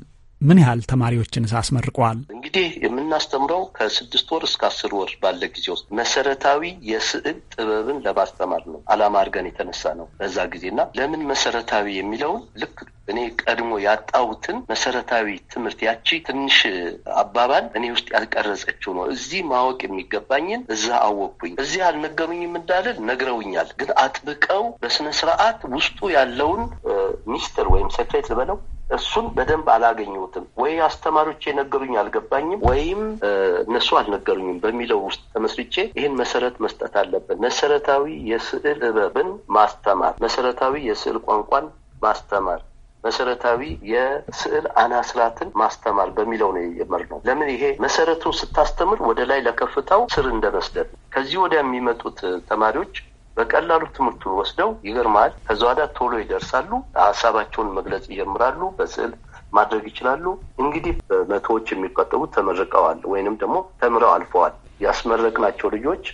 ምን ያህል ተማሪዎችን አስመርቀዋል? እንግዲህ የምናስተምረው ከስድስት ወር እስከ አስር ወር ባለ ጊዜ ውስጥ መሰረታዊ የስዕል ጥበብን ለማስተማር ነው አላማ አድርገን የተነሳ ነው በዛ ጊዜና ለምን መሰረታዊ የሚለውን ልክ እኔ ቀድሞ ያጣሁትን መሰረታዊ ትምህርት ያቺ ትንሽ አባባል እኔ ውስጥ ያልቀረጸችው ነው። እዚህ ማወቅ የሚገባኝን እዛ አወቅኩኝ። እዚህ አልነገሩኝም እንዳልል ነግረውኛል። ግን አጥብቀው በስነ ስርዓት ውስጡ ያለውን ሚስጥር ወይም ሰክሬት ልበለው እሱን በደንብ አላገኘሁትም። ወይ አስተማሪዎች የነገሩኝ አልገባኝም፣ ወይም እነሱ አልነገሩኝም በሚለው ውስጥ ተመስርቼ ይህን መሰረት መስጠት አለብን። መሰረታዊ የስዕል እበብን ማስተማር፣ መሰረታዊ የስዕል ቋንቋን ማስተማር መሰረታዊ የስዕል አናስላትን ማስተማር በሚለው ነው የጀመርነው። ለምን ይሄ መሰረቱን ስታስተምር ወደ ላይ ለከፍታው ስር እንደመስደድ ነው። ከዚህ ወዲያ የሚመጡት ተማሪዎች በቀላሉ ትምህርቱ ወስደው ይገርማል። ከዛዳ ቶሎ ይደርሳሉ። ሀሳባቸውን መግለጽ ይጀምራሉ። በስዕል ማድረግ ይችላሉ። እንግዲህ በመቶዎች የሚቆጠሩት ተመርቀዋል ወይንም ደግሞ ተምረው አልፈዋል። ያስመረቅናቸው ልጆች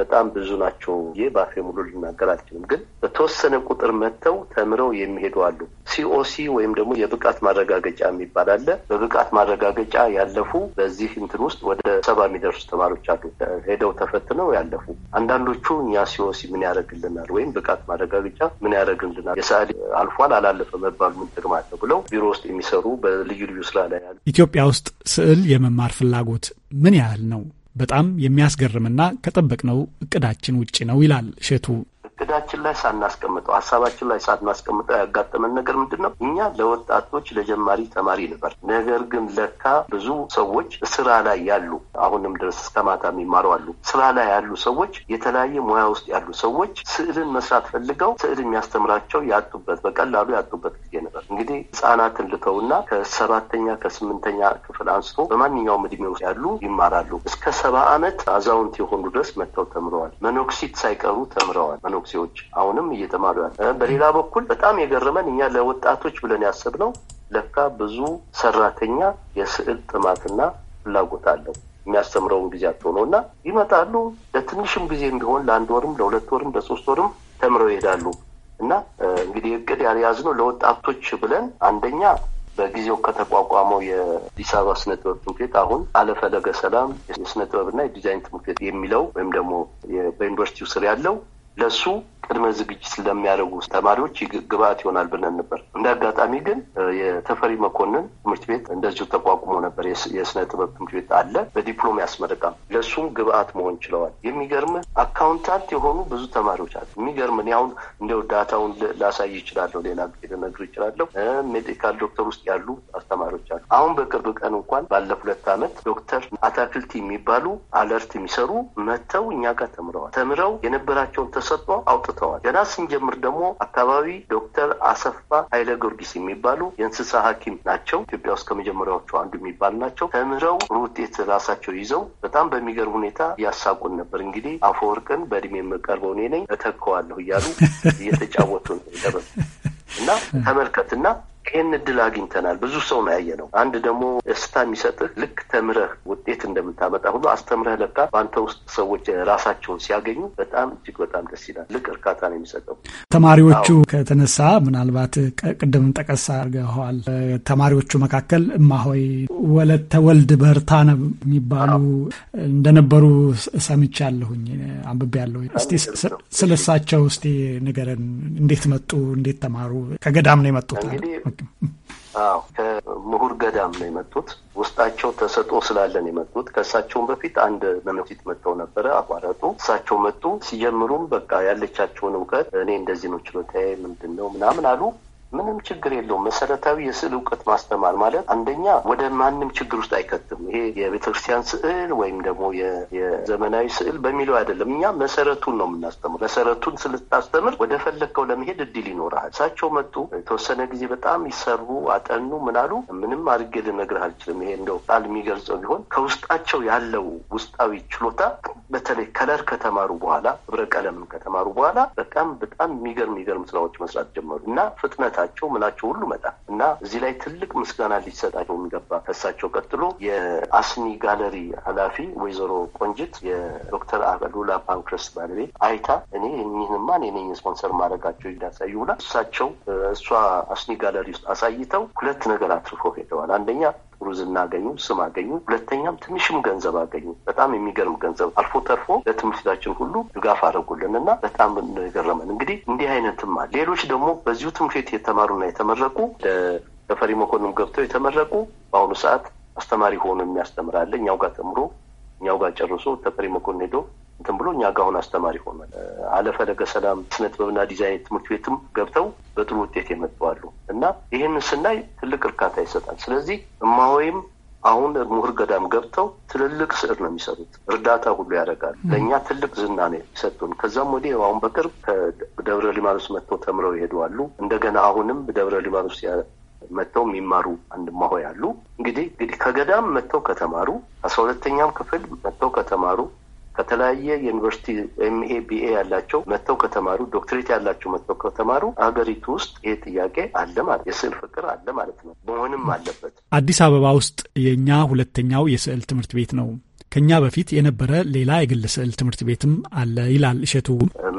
በጣም ብዙ ናቸው። ይህ በአፌ ሙሉ ሊናገር አልችልም፣ ግን በተወሰነ ቁጥር መጥተው ተምረው የሚሄዱ አሉ። ሲኦሲ ወይም ደግሞ የብቃት ማረጋገጫ የሚባል አለ። በብቃት ማረጋገጫ ያለፉ በዚህ እንትን ውስጥ ወደ ሰባ የሚደርሱ ተማሪዎች አሉ። ሄደው ተፈትነው ያለፉ አንዳንዶቹ እኛ ሲኦሲ ምን ያደርግልናል ወይም ብቃት ማረጋገጫ ምን ያደርግልናል፣ የሰዓሊ አልፏል አላለፈ መባሉ ምን ጥቅም አለው ብለው ቢሮ ውስጥ የሚሰሩ በልዩ ልዩ ስራ ላይ ያሉ ኢትዮጵያ ውስጥ ስዕል የመማር ፍላጎት ምን ያህል ነው? በጣም የሚያስገርምና ከጠበቅነው እቅዳችን ውጭ ነው ይላል እሸቱ። እቅዳችን ላይ ሳናስቀምጠው ሀሳባችን ላይ ሳናስቀምጠው ያጋጠመን ነገር ምንድን ነው? እኛ ለወጣቶች ለጀማሪ ተማሪ ነበር። ነገር ግን ለካ ብዙ ሰዎች ስራ ላይ ያሉ አሁንም ድረስ እስከ ማታ የሚማሩ አሉ። ስራ ላይ ያሉ ሰዎች፣ የተለያየ ሙያ ውስጥ ያሉ ሰዎች ስዕልን መስራት ፈልገው ስዕል የሚያስተምራቸው ያጡበት በቀላሉ ያጡበት ጊዜ ነበር። እንግዲህ ህጻናትን ልተውና ከሰባተኛ ከስምንተኛ ክፍል አንስቶ በማንኛውም እድሜ ውስጥ ያሉ ይማራሉ። እስከ ሰባ አመት አዛውንት የሆኑ ድረስ መጥተው ተምረዋል። መኖክሲት ሳይቀሩ ተምረዋል። መኖክሲት ዩኒቨርሲቲዎች አሁንም እየተማሩ ያለ። በሌላ በኩል በጣም የገረመን እኛ ለወጣቶች ብለን ያሰብነው ለካ ብዙ ሰራተኛ የስዕል ጥማትና ፍላጎት አለው የሚያስተምረውን ጊዜ አቶ ነው እና ይመጣሉ። ለትንሽም ጊዜ ቢሆን ለአንድ ወርም ለሁለት ወርም ለሶስት ወርም ተምረው ይሄዳሉ። እና እንግዲህ እቅድ ያልያዝነው ለወጣቶች ብለን አንደኛ በጊዜው ከተቋቋመው የአዲስ አበባ ስነ ጥበብ ትምህርት ቤት አሁን አለፈለገ ሰላም የስነ ጥበብና የዲዛይን ትምህርት ቤት የሚለው ወይም ደግሞ በዩኒቨርሲቲው ስር ያለው ለሱ ቅድመ ዝግጅት ስለሚያደርጉ ተማሪዎች ግብአት ይሆናል ብለን ነበር። እንደ አጋጣሚ ግን የተፈሪ መኮንን ትምህርት ቤት እንደዚሁ ተቋቁሞ ነበር። የስነ ጥበብ ትምህርት ቤት አለ፣ በዲፕሎም ያስመረቃል። ለሱም ግብአት መሆን ችለዋል። የሚገርም አካውንታንት የሆኑ ብዙ ተማሪዎች አሉ። የሚገርም እኔ አሁን እንደው ዳታውን ላሳይ ይችላለሁ፣ ሌላ ጊዜ ይችላለሁ። ሜዲካል ዶክተር ውስጥ ያሉ አስተማሪዎች አሉ። አሁን በቅርብ ቀን እንኳን ባለ ሁለት ዓመት ዶክተር አታክልቲ የሚባሉ አለርት የሚሰሩ መጥተው እኛ ጋር ተምረዋል። ተምረው የነበራቸውን ተሰጥቶ አውጥተዋል። ገና ስንጀምር ደግሞ አካባቢ ዶክተር አሰፋ ኃይለ ጊዮርጊስ የሚባሉ የእንስሳ ሐኪም ናቸው። ኢትዮጵያ ውስጥ ከመጀመሪያዎቹ አንዱ የሚባል ናቸው። ተምረው ጥሩ ውጤት ራሳቸው ይዘው በጣም በሚገርም ሁኔታ እያሳቁን ነበር። እንግዲህ አፈወርቅን በእድሜ የምቀርበው እኔ ነኝ እተከዋለሁ እያሉ እየተጫወቱ ነው እና ተመልከትና ይህን እድል አግኝተናል። ብዙ ሰው ነው ያየ ነው። አንድ ደግሞ እስታ የሚሰጥህ ልክ ተምረህ ውጤት እንደምታመጣ ሁሉ አስተምረህ ለካ በአንተ ውስጥ ሰዎች ራሳቸውን ሲያገኙ በጣም እጅግ በጣም ደስ ይላል። ልክ እርካታ ነው የሚሰጠው። ተማሪዎቹ ከተነሳ ምናልባት ቅድም ጠቀስ አድርገዋል። ተማሪዎቹ መካከል እማሆይ ወለተ ወልድ በርታ ነው የሚባሉ እንደነበሩ ሰምቻለሁኝ፣ አንብቤያለሁ። እስቲ ስለ እስቲ ንገረን። እንዴት መጡ? እንዴት ተማሩ? ከገዳም ነው የመጡት። አዎ ከምሁር ገዳም ነው የመጡት። ውስጣቸው ተሰጦ ስላለን የመጡት ከእሳቸውም በፊት አንድ መመፊት መጥተው ነበረ፣ አቋረጡ። እሳቸው መጡ። ሲጀምሩም በቃ ያለቻቸውን እውቀት እኔ እንደዚህ ነው ችሎታዬ ምንድን ነው ምናምን አሉ። ምንም ችግር የለውም። መሰረታዊ የስዕል እውቀት ማስተማር ማለት አንደኛ ወደ ማንም ችግር ውስጥ አይከትም። ይሄ የቤተክርስቲያን ስዕል ወይም ደግሞ የዘመናዊ ስዕል በሚለው አይደለም። እኛ መሰረቱን ነው የምናስተምር። መሰረቱን ስልታስተምር ወደ ፈለግከው ለመሄድ እድል ይኖርሃል። እሳቸው መጡ የተወሰነ ጊዜ በጣም ይሰሩ አጠኑ ምናሉ ምንም አድርጌ ልነግርህ አልችልም። ይሄ እንደው ቃል የሚገልጸው ቢሆን ከውስጣቸው ያለው ውስጣዊ ችሎታ በተለይ ከለር ከተማሩ በኋላ ህብረ ቀለምን ከተማሩ በኋላ በጣም በጣም የሚገርም የሚገርም ስራዎች መስራት ጀመሩ እና ፍጥነት እውቀታቸው ምናቸው ሁሉ መጣ እና እዚህ ላይ ትልቅ ምስጋና ሊሰጣቸው የሚገባ ከሳቸው ቀጥሎ የአስኒ ጋለሪ ኃላፊ ወይዘሮ ቆንጅት የዶክተር አበሉላ ፓንክረስ ባለቤት አይታ እኔ እኒህንማ እኔ ስፖንሰር ማድረጋቸው እንዳሳዩ ብላ እሳቸው እሷ አስኒ ጋለሪ ውስጥ አሳይተው ሁለት ነገር አትርፎ ሄደዋል። አንደኛ ሩዝና አገኙ፣ ስም አገኙ፣ ሁለተኛም ትንሽም ገንዘብ አገኙ። በጣም የሚገርም ገንዘብ አልፎ ተርፎ ለትምህርታችን ሁሉ ድጋፍ አድርጉልን እና በጣም ገረመን። እንግዲህ እንዲህ አይነትም አለ። ሌሎች ደግሞ በዚሁ ትምህርት ቤት የተማሩና የተመረቁ ተፈሪ መኮንን ገብተው የተመረቁ በአሁኑ ሰዓት አስተማሪ ሆኖ የሚያስተምራለ እኛው ጋር ተምሮ እኛው ጋር ጨርሶ ተፈሪ መኮንን ሄዶ እንትን ብሎ እኛ ጋሁን አሁን አስተማሪ ሆኗል። አለፈለገ ሰላም ስነ ጥበብና ዲዛይን ትምህርት ቤትም ገብተው በጥሩ ውጤት የመጡ አሉ እና ይህንን ስናይ ትልቅ እርካታ ይሰጣል። ስለዚህ እማወይም አሁን ምሁር ገዳም ገብተው ትልልቅ ስዕል ነው የሚሰሩት። እርዳታ ሁሉ ያደርጋሉ። ለእኛ ትልቅ ዝና ነው የሚሰጡን። ከዛም ወዲህ አሁን በቅርብ ከደብረ ሊማኖስ መጥተው ተምረው ይሄደዋሉ። እንደገና አሁንም ደብረ ሊማኖስ መጥተው የሚማሩ አንድ ማሆ ያሉ እንግዲህ እንግዲህ ከገዳም መጥተው ከተማሩ አስራ ሁለተኛም ክፍል መጥተው ከተማሩ ከተለያየ ዩኒቨርሲቲ ኤምኤ ቢኤ ያላቸው መጥተው ከተማሩ፣ ዶክትሬት ያላቸው መጥተው ከተማሩ አገሪቱ ውስጥ ይሄ ጥያቄ አለ ማለት የስዕል ፍቅር አለ ማለት ነው። መሆንም አለበት። አዲስ አበባ ውስጥ የእኛ ሁለተኛው የስዕል ትምህርት ቤት ነው። ከኛ በፊት የነበረ ሌላ የግል ስዕል ትምህርት ቤትም አለ ይላል እሸቱ።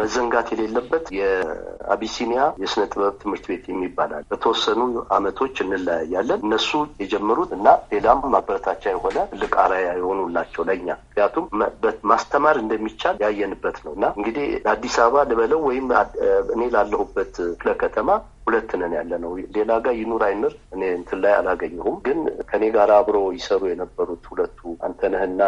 መዘንጋት የሌለበት የአቢሲኒያ የስነ ጥበብ ትምህርት ቤት የሚባላል በተወሰኑ አመቶች እንለያያለን። እነሱ የጀመሩት እና ሌላም ማበረታቻ የሆነ ትልቅ አርአያ የሆኑላቸው ለእኛ። ምክንያቱም ማስተማር እንደሚቻል ያየንበት ነው እና እንግዲህ አዲስ አበባ ልበለው ወይም እኔ ላለሁበት ክፍለ ከተማ ሁለት ነን ያለ ነው። ሌላ ጋር ይኑር አይኑር እኔ እንትን ላይ አላገኘሁም። ግን ከኔ ጋር አብሮ ይሰሩ የነበሩት ሁለ አንተ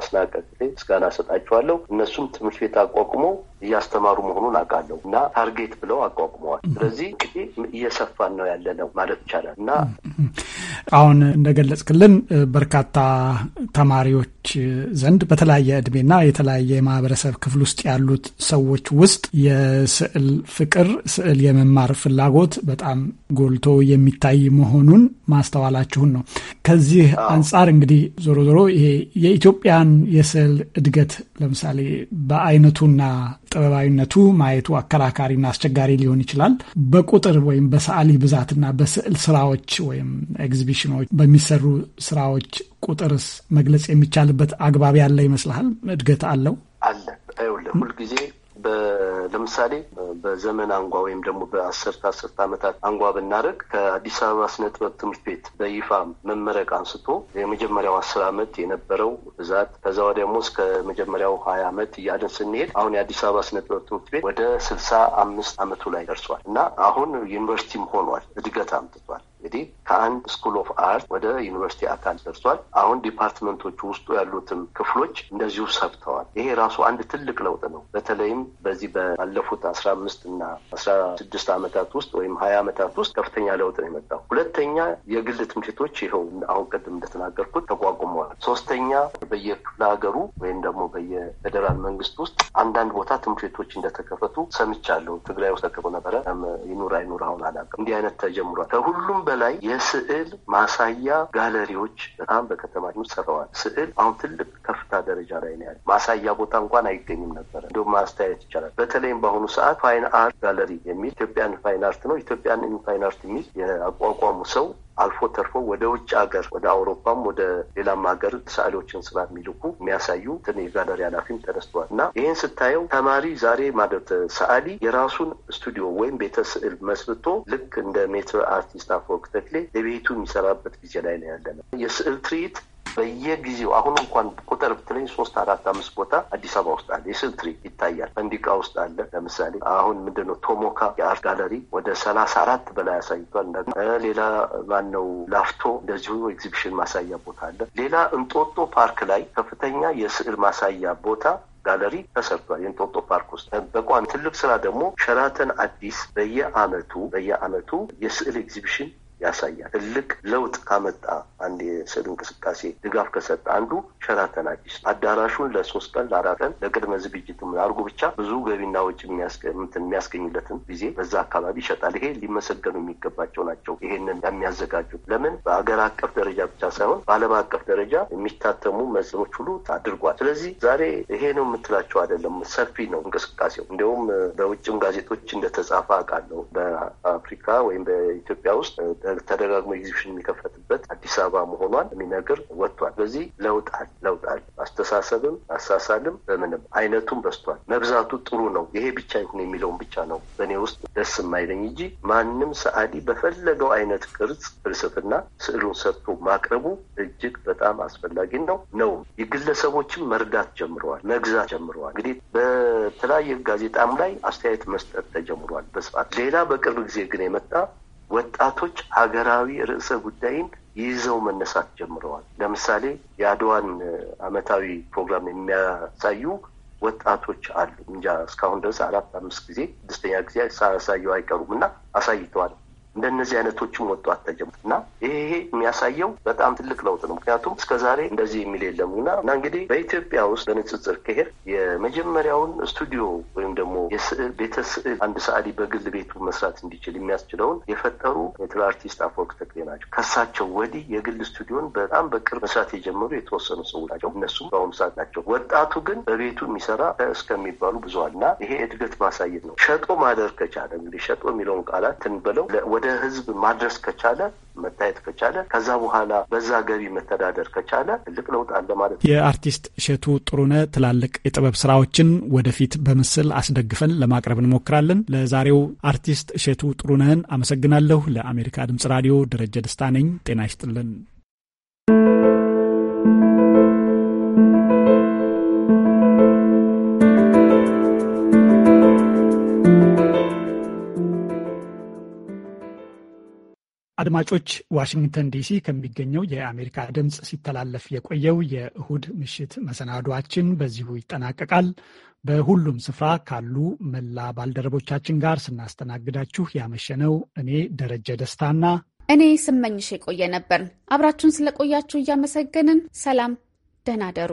አስናቀቅ ምስጋና ሰጣችኋለሁ። እነሱም ትምህርት ቤት አቋቁመው እያስተማሩ መሆኑን አውቃለሁ እና ታርጌት ብለው አቋቁመዋል። ስለዚህ እንግዲህ እየሰፋን ነው ያለ ነው ማለት ይቻላል እና አሁን እንደገለጽክልን በርካታ ተማሪዎች ዘንድ በተለያየ እድሜና የተለያየ የማህበረሰብ ክፍል ውስጥ ያሉት ሰዎች ውስጥ የስዕል ፍቅር፣ ስዕል የመማር ፍላጎት በጣም ጎልቶ የሚታይ መሆኑን ማስተዋላችሁን ነው። ከዚህ አንጻር እንግዲህ ዞሮ ዞሮ ይሄ የኢትዮጵያን የስዕል እድገት ለምሳሌ በአይነቱና ጥበባዊነቱ ማየቱ አከራካሪና አስቸጋሪ ሊሆን ይችላል። በቁጥር ወይም በሰዓሊ ብዛትና በስዕል ስራዎች ወይም ኤግዚቢሽኖች በሚሰሩ ስራዎች ቁጥርስ መግለጽ የሚቻልበት አግባብ ያለ ይመስልሃል? እድገት አለው አለ ሁልጊዜ ለምሳሌ በዘመን አንጓ ወይም ደግሞ በአስርት አስርት ዓመታት አንጓ ብናደርግ ከአዲስ አበባ ስነ ጥበብ ትምህርት ቤት በይፋ መመረቅ አንስቶ የመጀመሪያው አስር ዓመት የነበረው ብዛት ከዛ ደግሞ እስከ መጀመሪያው ሀያ ዓመት እያደን ስንሄድ አሁን የአዲስ አበባ ስነ ጥበብ ትምህርት ቤት ወደ ስልሳ አምስት ዓመቱ ላይ ደርሷል እና አሁን ዩኒቨርሲቲም ሆኗል። እድገት አምጥቷል። እንግዲህ ከአንድ ስኩል ኦፍ አርት ወደ ዩኒቨርሲቲ አካል ደርሷል። አሁን ዲፓርትመንቶቹ ውስጡ ያሉትም ክፍሎች እንደዚሁ ሰብተዋል። ይሄ ራሱ አንድ ትልቅ ለውጥ ነው። በተለይም በዚህ ባለፉት አስራ አምስት እና አስራ ስድስት ዓመታት ውስጥ ወይም ሀያ ዓመታት ውስጥ ከፍተኛ ለውጥ ነው የመጣው። ሁለተኛ የግል ትምህርት ቤቶች ይኸው አሁን ቅድም እንደተናገርኩት ተቋቁመዋል። ሶስተኛ በየክፍለ ሀገሩ ወይም ደግሞ በየፌዴራል መንግስት ውስጥ አንዳንድ ቦታ ትምህርት ቤቶች እንደተከፈቱ ሰምቻለሁ። ትግራይ ውስጥ ተከፈቱ ነበረ። ይኑር አይኑር አሁን አላውቅም። እንዲህ አይነት ተጀምሯል ከሁሉም በላይ የስዕል ማሳያ ጋለሪዎች በጣም በከተማችን ውስጥ ሰረዋል። ስዕል አሁን ትልቅ ከፍታ ደረጃ ላይ ነው ያለ። ማሳያ ቦታ እንኳን አይገኝም ነበረ። እንዲሁም ማስተያየት ይቻላል። በተለይም በአሁኑ ሰዓት ፋይን አርት ጋለሪ የሚል ኢትዮጵያን ፋይን አርት ነው ኢትዮጵያን ፋይን አርት የሚል የአቋቋሙ ሰው አልፎ ተርፎ ወደ ውጭ ሀገር ወደ አውሮፓም ወደ ሌላም ሀገር ሰዓሊዎችን ስራ የሚልኩ የሚያሳዩ ትን የጋለሪ ኃላፊም ተነስተዋል እና ይህን ስታየው ተማሪ ዛሬ ማለት ሰዓሊ የራሱን ስቱዲዮ ወይም ቤተ ስዕል መስርቶ ልክ እንደ ሜትር አርቲስት አፈወርቅ ተክሌ የቤቱ የሚሰራበት ጊዜ ላይ ነው ያለ ነው። የስዕል ትርኢት በየጊዜው አሁን እንኳን ቁጥር ብትለኝ ሶስት አራት አምስት ቦታ አዲስ አበባ ውስጥ አለ። የስልትሪ ይታያል። ፈንዲቃ ውስጥ አለ። ለምሳሌ አሁን ምንድነው ቶሞካ የአርት ጋለሪ ወደ ሰላሳ አራት በላይ አሳይቷል። ሌላ ማነው ላፍቶ እንደዚሁ ኤግዚቢሽን ማሳያ ቦታ አለ። ሌላ እንጦጦ ፓርክ ላይ ከፍተኛ የስዕል ማሳያ ቦታ ጋለሪ ተሰርቷል። የእንጦጦ ፓርክ ውስጥ በቋሚ ትልቅ ስራ ደግሞ ሸራተን አዲስ በየአመቱ በየአመቱ የስዕል ኤግዚቢሽን ያሳያል። ትልቅ ለውጥ ካመጣ አንድ የስዕል እንቅስቃሴ ድጋፍ ከሰጠ አንዱ ሸራተን አዲስ አዳራሹን ለሶስት ቀን ለአራት ቀን ለቅድመ ዝግጅት አድርጎ ብቻ ብዙ ገቢና ውጭ የሚያስገኝለትን ጊዜ በዛ አካባቢ ይሸጣል። ይሄ ሊመሰገኑ የሚገባቸው ናቸው። ይሄንን የሚያዘጋጁት ለምን በአገር አቀፍ ደረጃ ብቻ ሳይሆን በዓለም አቀፍ ደረጃ የሚታተሙ መጽኖች ሁሉ አድርጓል። ስለዚህ ዛሬ ይሄ ነው የምትላቸው አይደለም፣ ሰፊ ነው እንቅስቃሴው። እንዲሁም በውጭም ጋዜጦች እንደተጻፈ አውቃለሁ በአፍሪካ ወይም በኢትዮጵያ ውስጥ ተደጋግሞ ኤግዚቢሽን የሚከፈትበት አዲስ አበባ መሆኗን የሚነግር ወጥቷል። በዚህ ለውጣል ለውጣል አስተሳሰብም አሳሳልም በምንም አይነቱም በዝቷል። መብዛቱ ጥሩ ነው። ይሄ ብቻ ይሁን የሚለውን ብቻ ነው በእኔ ውስጥ ደስ የማይለኝ እንጂ ማንም ሰዓሊ በፈለገው አይነት ቅርጽ ፍልስፍና ስዕሉን ሰጥቶ ማቅረቡ እጅግ በጣም አስፈላጊ ነው ነው የግለሰቦችም መርዳት ጀምረዋል፣ መግዛት ጀምረዋል። እንግዲህ በተለያየ ጋዜጣም ላይ አስተያየት መስጠት ተጀምሯል በስፋት ሌላ በቅርብ ጊዜ ግን የመጣ ወጣቶች ሀገራዊ ርዕሰ ጉዳይን ይዘው መነሳት ጀምረዋል። ለምሳሌ የአድዋን አመታዊ ፕሮግራም የሚያሳዩ ወጣቶች አሉ። እንጃ እስካሁን ድረስ አራት አምስት ጊዜ ስድስተኛ ጊዜ ሳያሳዩ አይቀሩም እና አሳይተዋል። እንደነዚህ አይነቶችም ወጡ አተጀምር እና ይሄ የሚያሳየው በጣም ትልቅ ለውጥ ነው። ምክንያቱም እስከዛሬ እንደዚህ የሚል የለም እና እና እንግዲህ በኢትዮጵያ ውስጥ በንጽጽር ከሄድ የመጀመሪያውን ስቱዲዮ ወይም ደግሞ የስዕል ቤተ ስዕል አንድ ሰዓሊ በግል ቤቱ መስራት እንዲችል የሚያስችለውን የፈጠሩ የትል አርቲስት አፈወርቅ ተክሌ ናቸው። ከሳቸው ወዲህ የግል ስቱዲዮን በጣም በቅርብ መስራት የጀመሩ የተወሰኑ ሰው ናቸው። እነሱም በአሁኑ ሰዓት ናቸው። ወጣቱ ግን በቤቱ የሚሰራ እስከሚባሉ ብዙዋል እና ይሄ እድገት ማሳየት ነው። ሸጦ ማደር ከቻለ እንግዲህ ሸጦ የሚለውን ቃላት ትንበለው ወደ ህዝብ ማድረስ ከቻለ መታየት ከቻለ ከዛ በኋላ በዛ ገቢ መተዳደር ከቻለ ትልቅ ለውጥ አለ ማለት ነው። የአርቲስት እሸቱ ጥሩነ ትላልቅ የጥበብ ስራዎችን ወደፊት በምስል አስደግፈን ለማቅረብ እንሞክራለን። ለዛሬው አርቲስት እሸቱ ጥሩነህን አመሰግናለሁ። ለአሜሪካ ድምጽ ራዲዮ ደረጀ ደስታ ነኝ። ጤና ይስጥልን። አድማጮች፣ ዋሽንግተን ዲሲ ከሚገኘው የአሜሪካ ድምፅ ሲተላለፍ የቆየው የእሁድ ምሽት መሰናዷችን በዚሁ ይጠናቀቃል። በሁሉም ስፍራ ካሉ መላ ባልደረቦቻችን ጋር ስናስተናግዳችሁ ያመሸነው እኔ ደረጀ ደስታና እኔ ስመኝሽ የቆየ ነበር። አብራችሁን ስለቆያችሁ እያመሰገንን ሰላም፣ ደህና ደሩ።